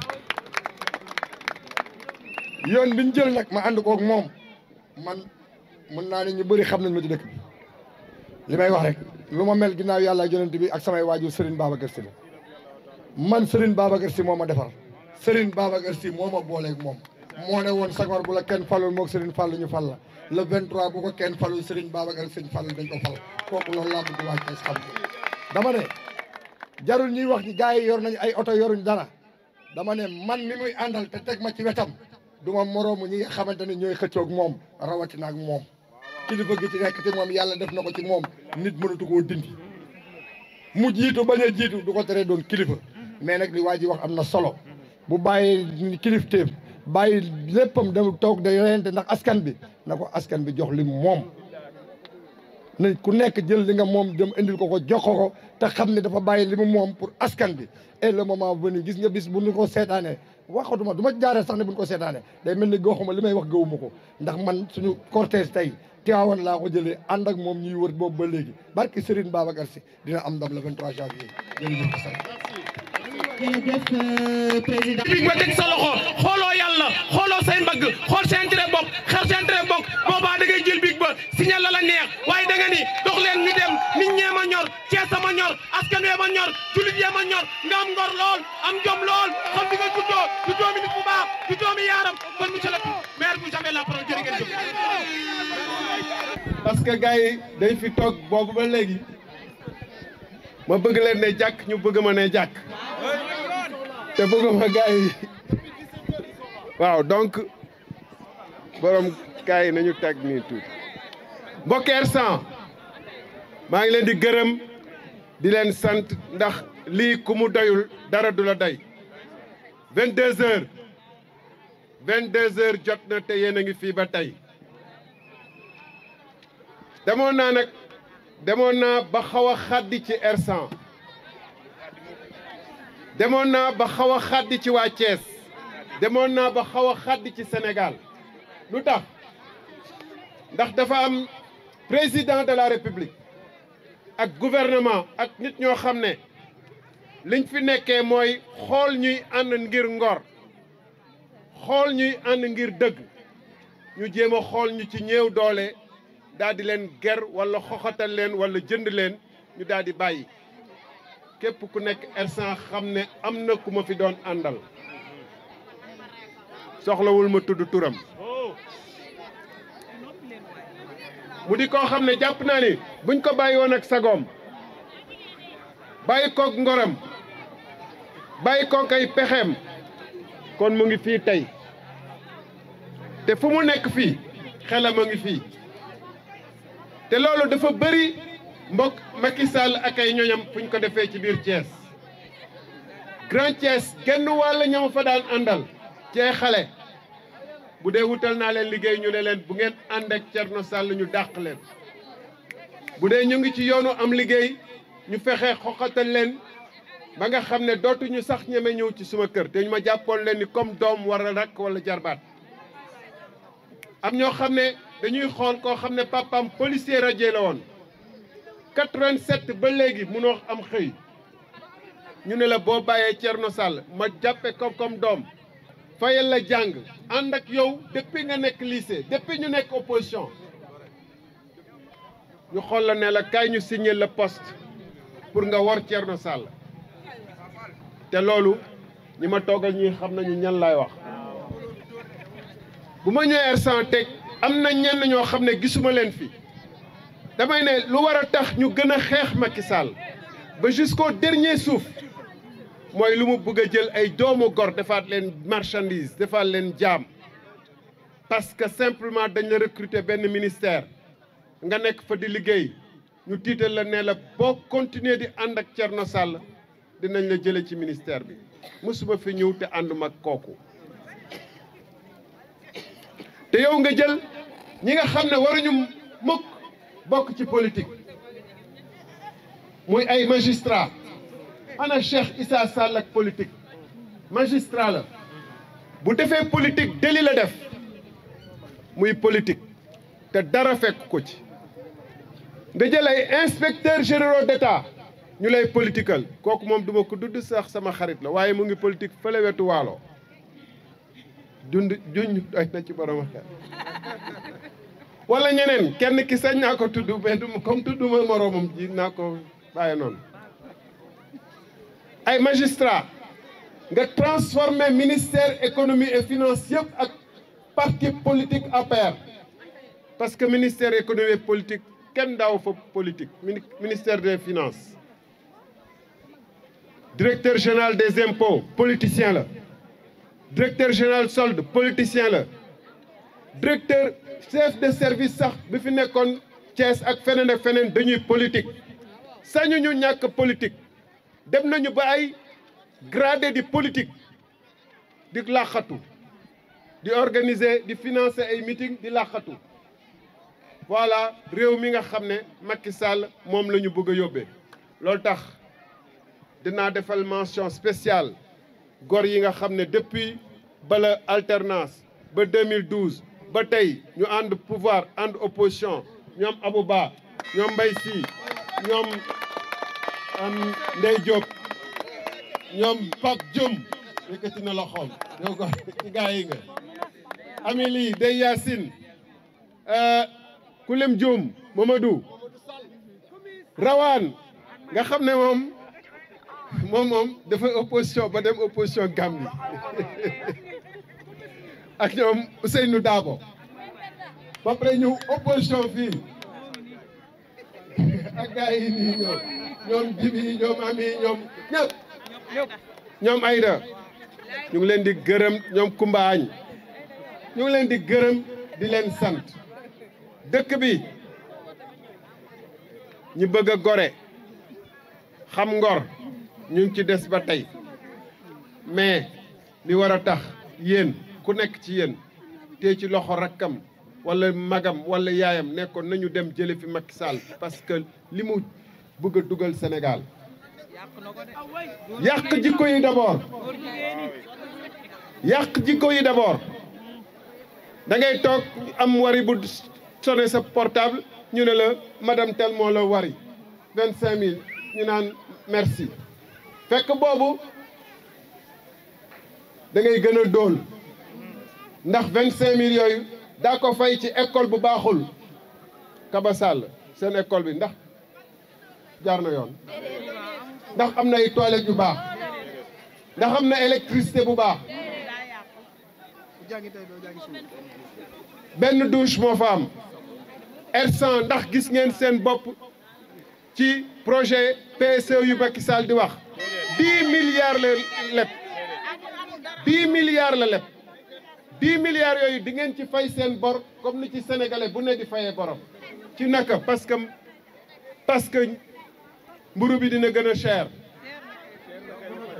[SPEAKER 7] yoon jël nag ma ànd kook moom man mën naa ne ñu bëri xam nañ ma ci dëkk bi li may wax rek lu ma mel ginnaaw yàlla ak yonent bi ak samay waaju Serigne Babacar Sy la man Serigne Babacar Sy moo ma defar Serigne Babacar Sy moo ma booleeg moom. moo ne woon Senghor bu la kenn falul moog Serigne Fallou ñu fal la le 23 bu ko kenn falul Serigne Babacar Serigne Fallou dañ ko fal kooku loolu laa bëgg waa Thiès xam dama ne jarul ñuy wax ñi gars yi yor nañu ay oto yoruñ dara dama ne man mi muy àndal te teg ma ci wetam du ma moroomu ñi nga xamante ne ñooy xëccoog moom rawatina ak moom. kilifa gi ci nekk ci moom yàlla def na ko ci moom nit mënatu koo dindi mu jiitu bañ a jiitu du ko teree doon kilifa mais nag waa ji wax am na solo bu bàyyee kilifteef. bàyyi léppam dem toog day reyante ndax askan bi na ko askan bi jox limu moom na ku nekk jël li nga moom dem indil ko ko jox ko ko te xam ni dafa bàyyi li mu moom pour askan bi et le moment venu gis nga bis bu ñu ko seetaanee waxatuma du ma sax ne bu ñu ko seetaanee day mel ni goxuma li may wax gëwuma ko ndax man suñu cortège tey Tiwaawan laa ko jëlee ànd ak moom ñuy wër boobu ba léegi barki Serigne Babacar Sy dina am ndam le 23 janvier
[SPEAKER 10] jërëjëf
[SPEAKER 3] jërëjëf président. public ba teg sa loxo
[SPEAKER 10] xooloo yàlla xooloo say mbagg xool sa bokk xel sa bokk boobaa da ngay jël big ba signal la la neex waaye da nga ni dox leen ñu dem nit ma ñor Cees sama ñor askan wee ma ñor jullit ma ñor nga am ngor lool am jom lool xam di nga juddoo du doomi nit bu baax du doomi yaaram kon monsieur le maire bu jamais la parole jërë ngeen jëf
[SPEAKER 8] parce que gars yi dañ fi toog boobu ba léegi ma bëgg leen ne jàkk ñu bëgg ma ne jàkk te bëgguma gars waaw donc borom gars yi nañu teg nii tuuti mbokk Hersent maa ngi leen di gërëm di leen sant ndax lii ku mu doyul dara du la day vingt deux heures vingt deux heures jot na te yéen a ngi fii ba tey demoon naa nag demoon naa ba xaw a xaddi ci Hersent demoon naa ba xaw a xàddi ci waa Thiès demoon na ba xaw a xàddi ci Sénégal lu tax ndax dafa am président de la république ak gouvernement ak nit ñoo xam ne liñ fi nekkee mooy xool ñuy ànd ngir ngor xool ñuy ànd ngir dëgg ñu jéem a xool ñu ci ñéew doole daal di leen ger wala xoxatal leen wala jënd leen ñu daal di bàyyi. képp ku nekk r xam ne am na ku ma fi doon àndal soxlawul ma tudd turam mu di koo xam ne jàpp naa ni buñ ko bàyyi woon ak sagoom bàyyi kook ngoram bàyyi kook ay pexeem kon mu ngi fii tey te fu mu nekk fii xelam a ngi fii te loolu dafa bëri mbokk Macky Sall ak ay ñoñam fu ñu ko defee ci biir Thiès Grand Thiès genn wàll ñam fa daan àndal cee bu dee wutal naa leen liggéey ñu ne leen bu ngeen ànd ak Thierno Sall ñu dàq leen bu dee ñu ngi ci yoonu am liggéey ñu fexe xoxatal leen ba nga xam ne dootuñu sax ñeme ñëw ci suma kër te ñu ma jàppoon leen ni comme doom wala rakk wala jarbaat am ñoo xam ne dañuy xool koo xam ne papaam policier radié la woon 87 ba léegi munoo am xëy ñu ne la boo bàyyee Thierno Sall ma jàppe ko comme doom fayal la jàng ànd ak yow depuis nga nekk lycée depuis ñu nekk opposition ñu xool la ne la kaay ñu signé le poste pour nga war Thierno Sall te loolu ñi ma toogal ñi xam nañu ñan laay wax bu ma ñëwee r am na ñenn ñoo xam ne gisuma leen fi damay ne lu war a tax ñu gën a xeex Macky Sall ba jusqu'au dernier suuf mooy lu mu bugg a jël ay doomu gor defaat leen marchandise defaat leen jaam parce que simplement dañ la recruter benn ministère nga nekk fa di liggéey ñu tiital la nee la boo continuer di ànd ak Thierno Sall dinañ la jëlee ci ministère bi mosuma fi ñëw te ànduma ak kooku te yow nga jël ñi nga xam ne waruñu mukk bokk ci politique muy ay magistrat ana Cheikh Issa Sall ak politique magistrat la bu defee politique déli la def muy politique te dara fekk ko ci nga jël ay inspecteurs généraux d'État ñu lay political kooku moom duma ko dudd sax sama xarit la waaye mu ngi politique fële wetu waalo dund juñ doy na ci borom wala ñeneen kenn ki sañ ko tudd tudduma ji ay magistrat nga transformer ministère économie et finance yëpp ak parti politique APR parce que ministère économie et politique kenn daaw fa politique ministère des finances directeur général des impôts politicien la directeur général solde politicien la directeur chef de service sax bi fi nekkoon Thiès ak fenen ak fenen dañuy politique sañu ñu ñak politique dem nañu ba ay gradé di politique di laxatu di organiser di financer ay meeting di laxatu voilà rew mi nga xamné ne Macky Sall moom la bëgg yobé lol tax dina defal mention spéciale gor yi nga xamné depuis bala alternance ba 2012 ba tey ñu ànd pouvoir ànd opposition ñoom Abouba ñoom Mbaye Sy ñoom Ndeye Diop ñoom Pape Dioum yëkkati na loxoom yow ko ci gaa yi nga Dey Yacine euh, Kulim Dioum Mamadou Rawane nga xam ne moom moom moom dafay opposition ba dem opposition Gambie ak ñoom Ousseynou Dabo ba pare ñu opposition fii ak gars yi ñoom ñoom Jibi ñoom Ami ñoom ñëpp ñoom Aïda ñu leen di gërëm ñoom Kumba Añ ñu leen di gërëm di leen sant dëkk bi ñi bëgg a gore xam ngor ñu ngi ci des ba tey mais li war a tax yéen ku nekk ci yéen tey ci loxo rakkam wala magam wala yaayam nekkoon nañu dem jële fi Macky Sall parce que li mu bugg a dugal Sénégal
[SPEAKER 6] yàq jikko yi d'abord
[SPEAKER 8] yàq jikko yi d'abord dangay ngay toog am wari bu sonné sa portable ñu ne la madame tel moo la wari vingt cinq mille ñu naan merci fekk boobu dangay ngay gën a dóol ndax 25 millions d'accord da ko fay ci école bu baxul c'est une école bi ndax jaar na yoon ndax amna ay toilettes yu bax ndax amna électricité bu bax ben douche mo femme r100 ndax gis ngeen sen bop ci projet PSE yu bakissal di wax 10 milliards de lepp
[SPEAKER 6] 10 milliards de
[SPEAKER 8] lepp dix milliards yooyu di ngeen ci fay seen bor comme ni ci sénégalais bu ne di fayee borom ci naka parce que parce que mburu bi dina gën a cher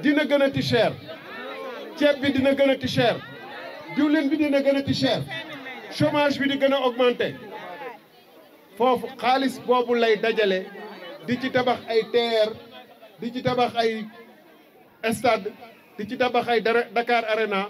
[SPEAKER 8] dina gën a ti cher ceeb bi dina gën a ti cher diwlin bi dina gën a ti cher bi di gën a augmenté foofu xaalis boobu lay dajale di ci tabax ay TER di ci tabax ay stade di ci tabax ay Dakar Arena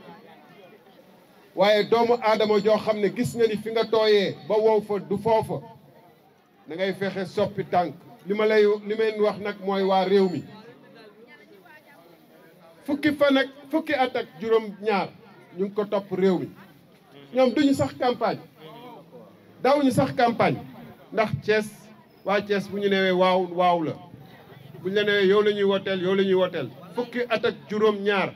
[SPEAKER 8] waaye doomu aadama joo xam ne gis nga ni fi nga tooyee ba wow fa du foofa da ngay fexe soppi tànk li ma lay li may wax nag mooy waa réew mi fukki fan ak fukki at ak juróom ñaar ñu ngi ko topp réew mi ñoom duñu sax campagne dawuñu sax campagne ndax cees waa Thiès bu ñu newee waaw waaw la bu ñu la yow la ñuy woteel yow la ñuy woteel fukki at ak juróom ñaar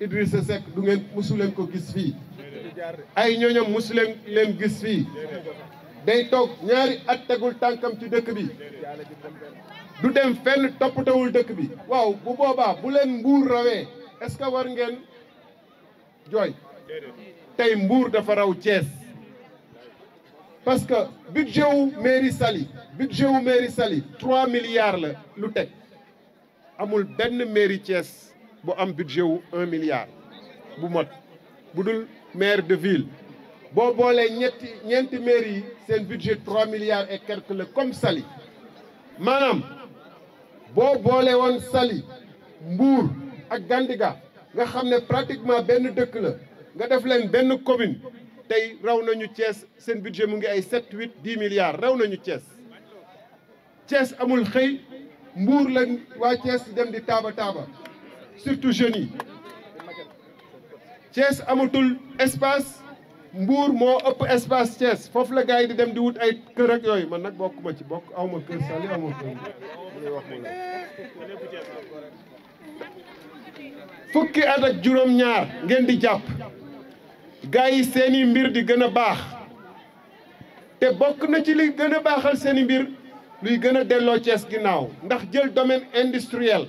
[SPEAKER 8] Idrissa Seck du ngeen mësuleen leen ko gis fii
[SPEAKER 6] ay ñooñam musu leen gis fii
[SPEAKER 8] day toog ñaari at tegul tànkam ci dëkk bi du dem fenn toppatawul dëkk bi waaw bu boobaa bu leen mbuur rawee est-ce que war ngeen jooy tey mbuur dafa raw Thiès parce que budget wu mairie Saly budget wu mairie Saly trois milliards la lu teg amul benn mairie Thiès un budget ou 1 milliard. Boumot. Boudoul, maire de ville. Bon, bon, les nient mairies, c'est un budget 3 milliards et quelques le comme Sali. Madame, bon, bon, les Sali, Mbour, à Gandiga, nous sommes pratiquement ben de clé, nous sommes ben commune. Tay, raouna c'est un budget mungé 7, 8, 10 milliards. Raouna nous tiens. Tiens, amoul khay, Mbour, la tiens, c'est un de taba taba. surtout jeunes yi amatul espace Mbour moo ëpp espace Thiès foofu la gars yi di dem di wut ay kër ak yooyu man nag bokkuma ci bokk awma kër Saly awma
[SPEAKER 6] kër
[SPEAKER 8] fukki at ak juróom-ñaar ngeen di jàpp gars yi seeni mbir di gën a baax te bokk na ci li gën a baaxal seeni mbir luy gën a delloo Thiès ginnaaw ndax jël domaine industriel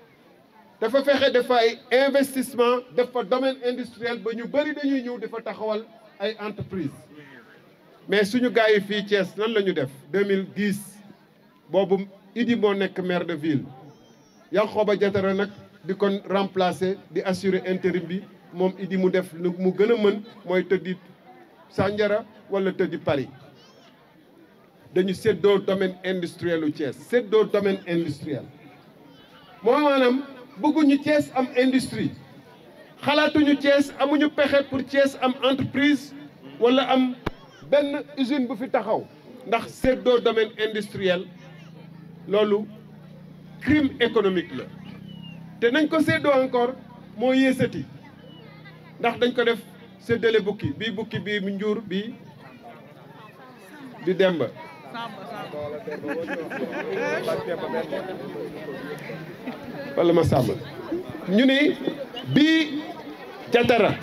[SPEAKER 8] dafa faire dafa ay investissement faire domaine industriel ba ñu bëri dañuy entreprises. taxawal ay entreprise mais suñu gars yi fii Thiès nan la ñu def 2010 boobu Idi moo nekk maire de ville Yankhoba Diattara nak di kon remplacer di assurer intérim bi mom Idi mu def lu mu gëna a mën mooy tëddi Sandiara wala tëddi Paris dañu séddoo domaine industriel u Thiès séddoo domaine industriel mo manam bëgguñu Thiès am industrie xalaatuñu Thiès amuñu pexe pour Thiès am entreprise wala am benn usine bu fi taxaw ndax seddoo domaine industriel loolu crime économique la te nañ ko seddoo encore moo yéesati ndax dañ ko def séddale bukki bii bukki bii njuur bii di demba wala ma sàmm ñu ne bii jatara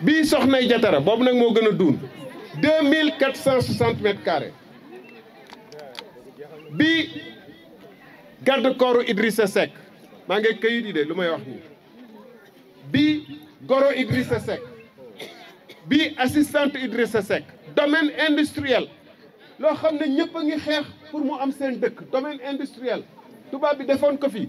[SPEAKER 8] bii soxnay jatara boobu nag moo gën a duun deux mille quatre cent soixante mètres carrés bii garde corps Idrissa Seck maa ngi këyit yi de lu may wax nii bii goro Idrissa Seck bii assistante Idrissa Seck domaine industriel loo xam ne ñëpp a ngi xeex pour mu am seen dëkk domaine industriel tubaab bi defoon ko fii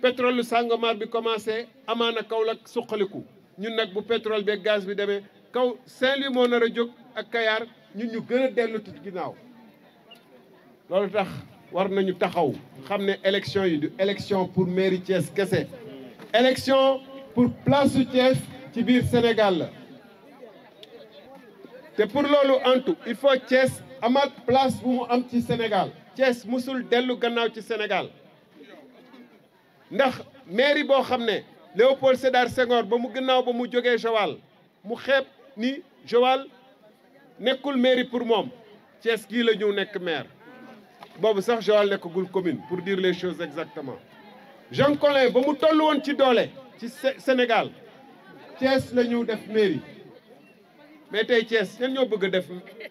[SPEAKER 8] pétrole Sangomar bi commencé amana Kaolack suqaliku ñun nak bu pétrole gaz bi demee kaw Saint-Louis moo nar Nous avons ak Kayar ñun ñu gëna nous ci tax war nañu taxaw élection élection pour mairie Thiès élection pour place de Thiès ci Sénégal pour lolu antu il faut Thiès une place bu mu am Sénégal Thiès musul déllu gannaaw ci Sénégal ndax mairie bo xamné Léopold Sédar Senghor ba mu gannaaw ba mu jógee Joal mu xeeb ni Joal nekul mairie pour moom Thiès ki la ñu nek maire bobu sax Joal nekkagul commune pour dire les choses exactement Jean colin ba mu toll woon ci dolé ci Sénégal Thiès la ñu def mairie mais tay Thiès ñan ñoo bëgg def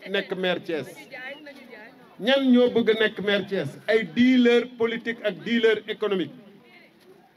[SPEAKER 8] nek maire Thiès ñan ñoo bëgg nek maire Thiès ay dealer politique ak dealer économique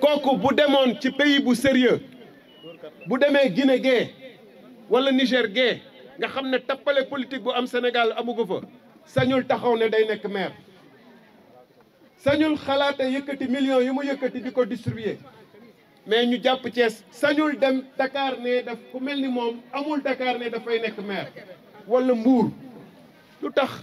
[SPEAKER 8] kooku bu demoon ci pays bu sérieux bu demee Guinée gee wala Niger gee nga xam ne tappale politique bu am Sénégal amugu fa sañul taxaw ne day nekk maire sañul khalaté yëkëti millions yu mu yëkkati di distribuer mais ñu japp Thiès sañul dem Dakar né daf ku melni mom amul Dakar né da fay nek maire wala Mbour lutax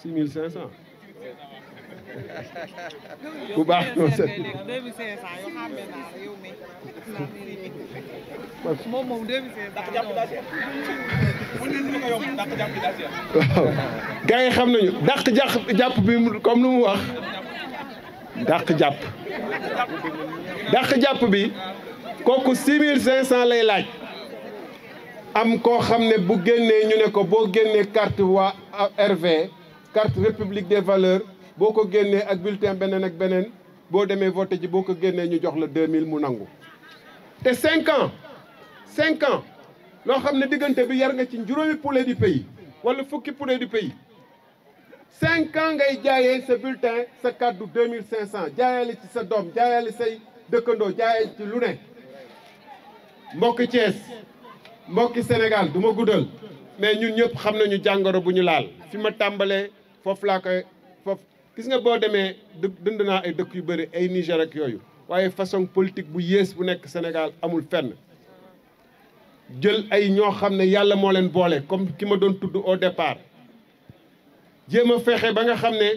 [SPEAKER 8] six mille cinq cent
[SPEAKER 4] bu baax xam
[SPEAKER 8] nañu dàq jàpp bi comme lu mu wax dàq jàpp dàq jàpp bi kooku six mille cinq cent lay laaj am koo xam ne bu génnee ñu ne ko boo génnee carte wa euh, RV carte république des valeurs boko génné ak bulletin benen ak benen bo démé voter ci boko génné ñu jox la 2000 mu nangu. té 5 ans 5 ans lo xamné digënté bi yar nga ci juroomi poulet du pays wala fukki poulet du pays 5 ans ngay jaayé ce bulletin ce kàddu 2500 jaayaale ci sa dom jaayaale say dëkkandoo jaayaale ci lu né mbokk Thiès mbokk Sénégal duma guddal mais ñun ñëpp xam nañu jàngoro bu ñu laal fi ma tàmbalee. foofu laa ko foofu gis nga boo demee dund naa ay dëkk yu bari ay Niger yooyu waaye façon politique bu yées bu nekk Sénégal amul fenn jël ay ñoo xam ne yàlla moo leen boole comme ki ma doon tudd au départ jéem a fexe ba nga xam ne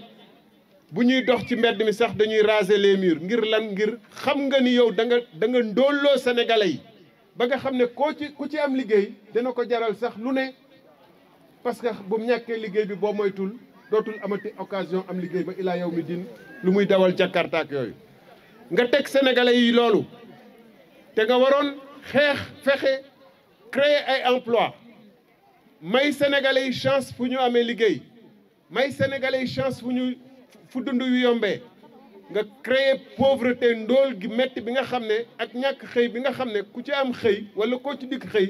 [SPEAKER 8] bu ñuy dox ci mbedd mi sax dañuy raser les murs ngir lan ngir xam nga ni yow danga danga da nga ndóolloo sénégalais yi ba nga xam ne koo ci ku ci am liggéey dana ko jaral sax lu ne parce que bu ñàkkee liggéey bi boo moytul dootul amati occasion am liggéey ba ilaa yow mi din lu muy dawal Jakarta ak yooyu nga teg sénégalais yi loolu te nga waroon xeex fexe créer ay emploi may sénégalais yi chance fu ñu amee liggéey may sénégalais yi chance fu ñu fu dund yu yombee nga créer pauvreté ndóol gi metti bi nga xam ne ak ñàkk xëy bi nga xam ne ku ci am xëy wala koo ci dikk xëy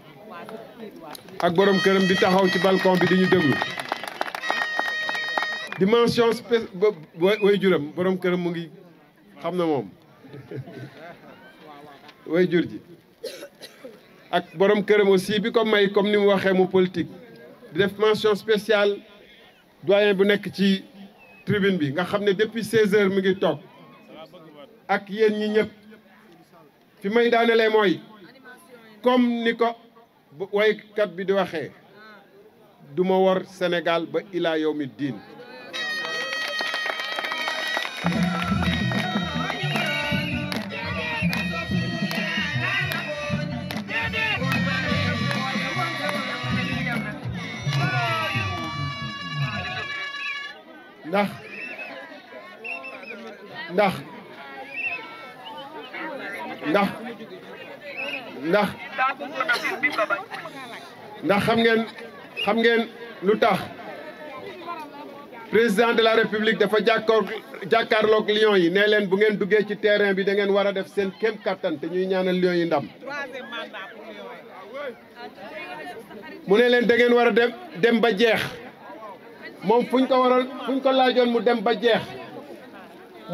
[SPEAKER 8] ak borom këram di taxaw ci balkon bi di ñu déglu dimension spé way juram borom këram mu ngi xam na moom way jur ji ak borom këram aussi bi ko may comme ni mu waxee mu politique di def mention spéciale doyen bu nekk ci tribune bi nga xam ne depuis 16 heures mi ngi toog ak yéen ñi ñëpp fi may daanelee mooy comme ni ko woykat bi di waxee duma ma war Sénégal ba ilaa yow diin ndax ndax ndax ndax ndax xam ngeen xam ngeen lu tax président de la république dafa jàkkoor jàkkaarloog lions yi nee leen bu ngeen duggee ci terrain bi da ngeen war a def seen kéem kattan te ñuy ñaanal lions yi ndam. mu ne leen da ngeen war a dem dem ba jeex moom fu ñu ko waral fu ñu ko laajoon mu dem ba jeex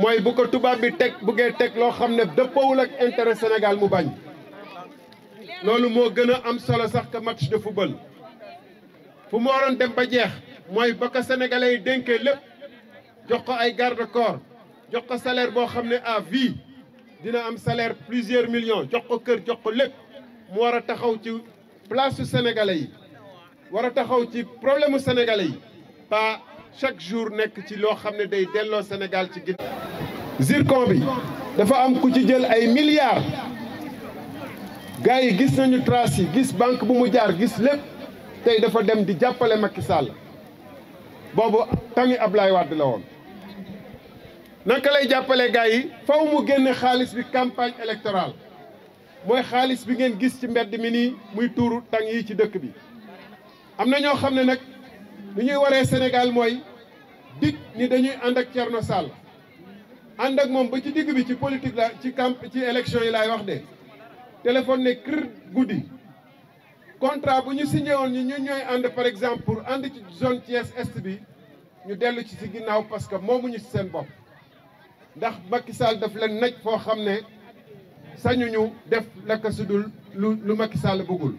[SPEAKER 8] mooy bu ko tubaab bi teg buggee teg loo xam ne dëppawul ak intere Sénégal mu bañ. lolu mo gëna am solo sax ka match de football fu mo waron dem ba jeex moy ba sénégalais yi dénkee lépp jox ko ay garde corps jox ko salaire bo xamné à vie dina am salaire plusieurs millions jox ko kër jox ko lepp mu wara taxaw ci place sénégalais yi wara taxaw ci problème sénégalais yi pas chaque jour nek ci lo xamné day dello Sénégal ci ginnaaw zircon bi dafa am ku ci jël ay milliards gaay yi gis nañu trace gis bank bu mu jaar gis lepp tay dafa dem di jappalé Macky Sall bobu tangi ablai Wade la won naka lay jappalé gaay yi faw mu génne xaaliss bi campagne électorale moy xaaliss bi ngeen gis ci mbedd mi ni muy tuuru tang yi ci dëkk bi amna ño xamné nak ne ñuy waré Sénégal moy dig ni dañuy and ak tierno Sall and ak mom ba ci bi ci politique la ci camp ci élection yi lay wax de téléphone ne kër goudi. contrat bu ñu signé woon ñu ñoy ñooy par exemple pour ànd ci zone Thiès est bi ñu déllu ci ci ginnaw parce que momu ñu ci seen bop ndax Macky Sall daf leen naj fo xamné ne sañuñu def laka sudul lu lu Macky Sall bëggul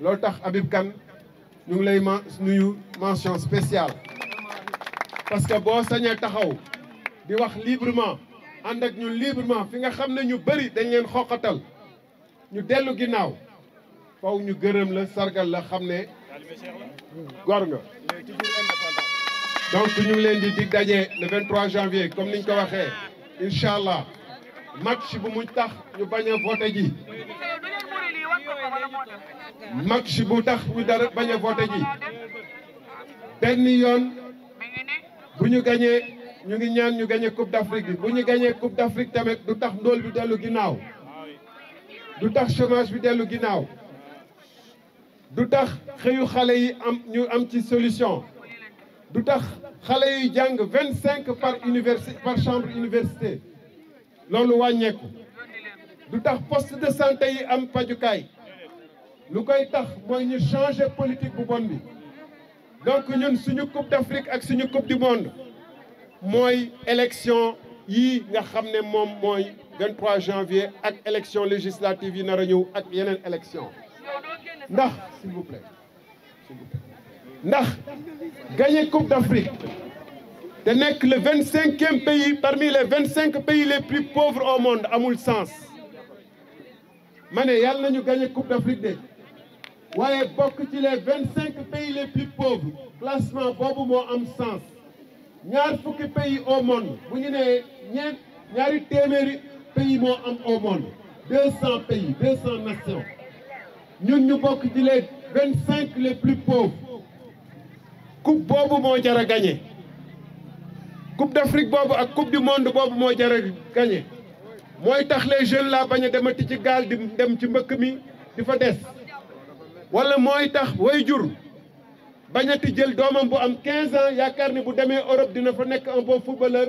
[SPEAKER 8] loolu tax Habib Kan ñu ngi lay ma nuyu mention spéciale parce que bo sañee taxaw di wax librement ànd ak ñun librement fi nga xamné ñu bëri dañ leen xoxatal ñu dellu ginnaaw faw ñu gërëm la sargal la xam ne gor nga donc ñu leen di di daje le 23 janvier comme niñ ko waxee incha allah match bu mu tax ñu bañ a voté ji match bu tax ñu dara bañ a voté ji benn yoon bu ñu gañee ñu ngi ñaan ñu gañee Coupe d'Afrique bi bu ñu gañee Coupe d'Afrique tamit du tax ndóol bi dellu ginnaaw du tax chômage bi delu ginnaaw du tax xeyu xalé yi am ñu am ci solution du tax xalé yi jang 25 par université par chambre université lolu wàññeeku du tax poste de santé yi am pajukaay lu koy tax moy ñu changer politique bu bon bi donc ñun suñu coupe d'Afrique ak suñu coupe du monde moy élection il nga xam 23 janvier avec élection législative et nar ak élection ndax s'il vous plaît ndax gagner coupe d'Afrique te nekk le 25e pays parmi les 25 pays les plus pauvres au monde mon sens Mané, ne yàlla nañu gagner coupe d'Afrique de waaye bokk les 25 pays les plus pauvres classement boobu moo am sens ñaar les pays au monde Vous nous avons pays au monde 200 pays 200 nations Nous, ñu bokk les 25 les plus pauvres coupe gagné coupe d'Afrique bobo ak coupe du monde bobo gagné Moi, tax les jeunes la a gagné ci Coupe di dem ci mi Moi, wala tax jël doomam bu am ans bu Europe un bon footballeur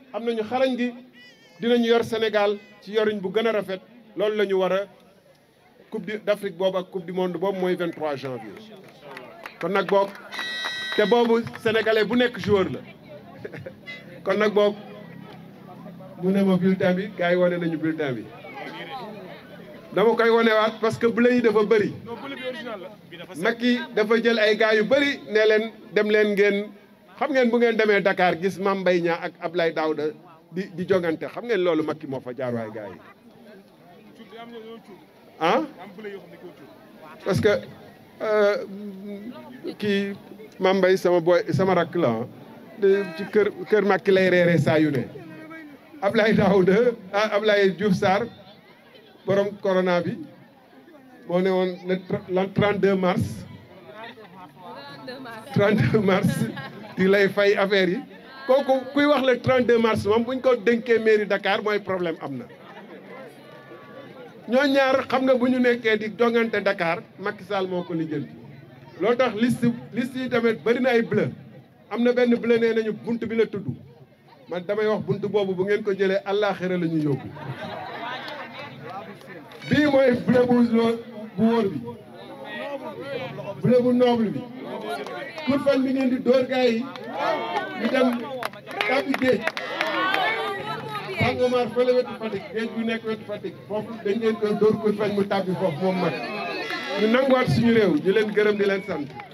[SPEAKER 8] am nañu xarañ gi dinañu yor senegal ci yoruñ bu gën a rafet loolu lañu ñu war a coupe d'Afrique boobu ak coupe du monde boobu mooy 23 janvier. kon nag boog te boobu sénégalais bu nekk joueur la kon nag boog mu ne ma bulletin bi gars yi wane nañu bulletin bi. dama koy wanewaat parce que bleu yi dafa bëri Macky dafa jël ay gars yu bari ne leen dem leen ngeen. xam ngeen bu ngeen demee dakaar gis Mame Mbaye Niang ak Ablaye Daouda di di jogante xam ngeen loolu Macky moo a jaar waay gars ah parce que euh, kii Mame Mbaye sama boy sama rakk la ah. ci kër kër Macky lay reeree saa yu ne Ablaye Daouda ah Ablaye Diouf borom corona bi moo ne woon le 32 mars 32 mars di lay fay affaire yi kooku kuy wax le 32 mars moom bu ñu ko dénkee mairie Dakar mooy problème am na. ñoo ñaar xam nga bu ñu nekkee di jongante Dakar Macky Sall moo ko lijjanti loo tax liste liste yi tamit bëri na ay bleu am na benn bleu nee nañu bunt bi la tudd man damay wax bunt boobu bu ngeen ko jëlee àllaaxira la ñu yóbbu. bii mooy bleu bu bu bi bleu bu noble bi. mu fan bi ngeen di dóor gars yi ñu dem tàbbi géej Sangomar fële wetu Fatick géej bu nekk wetu Fatick foofu dañ leen koy dóor pour fan mu tàbbi foofu moom mag
[SPEAKER 6] ñu nanguwaat suñu
[SPEAKER 8] réew ñu leen gërëm di leen sant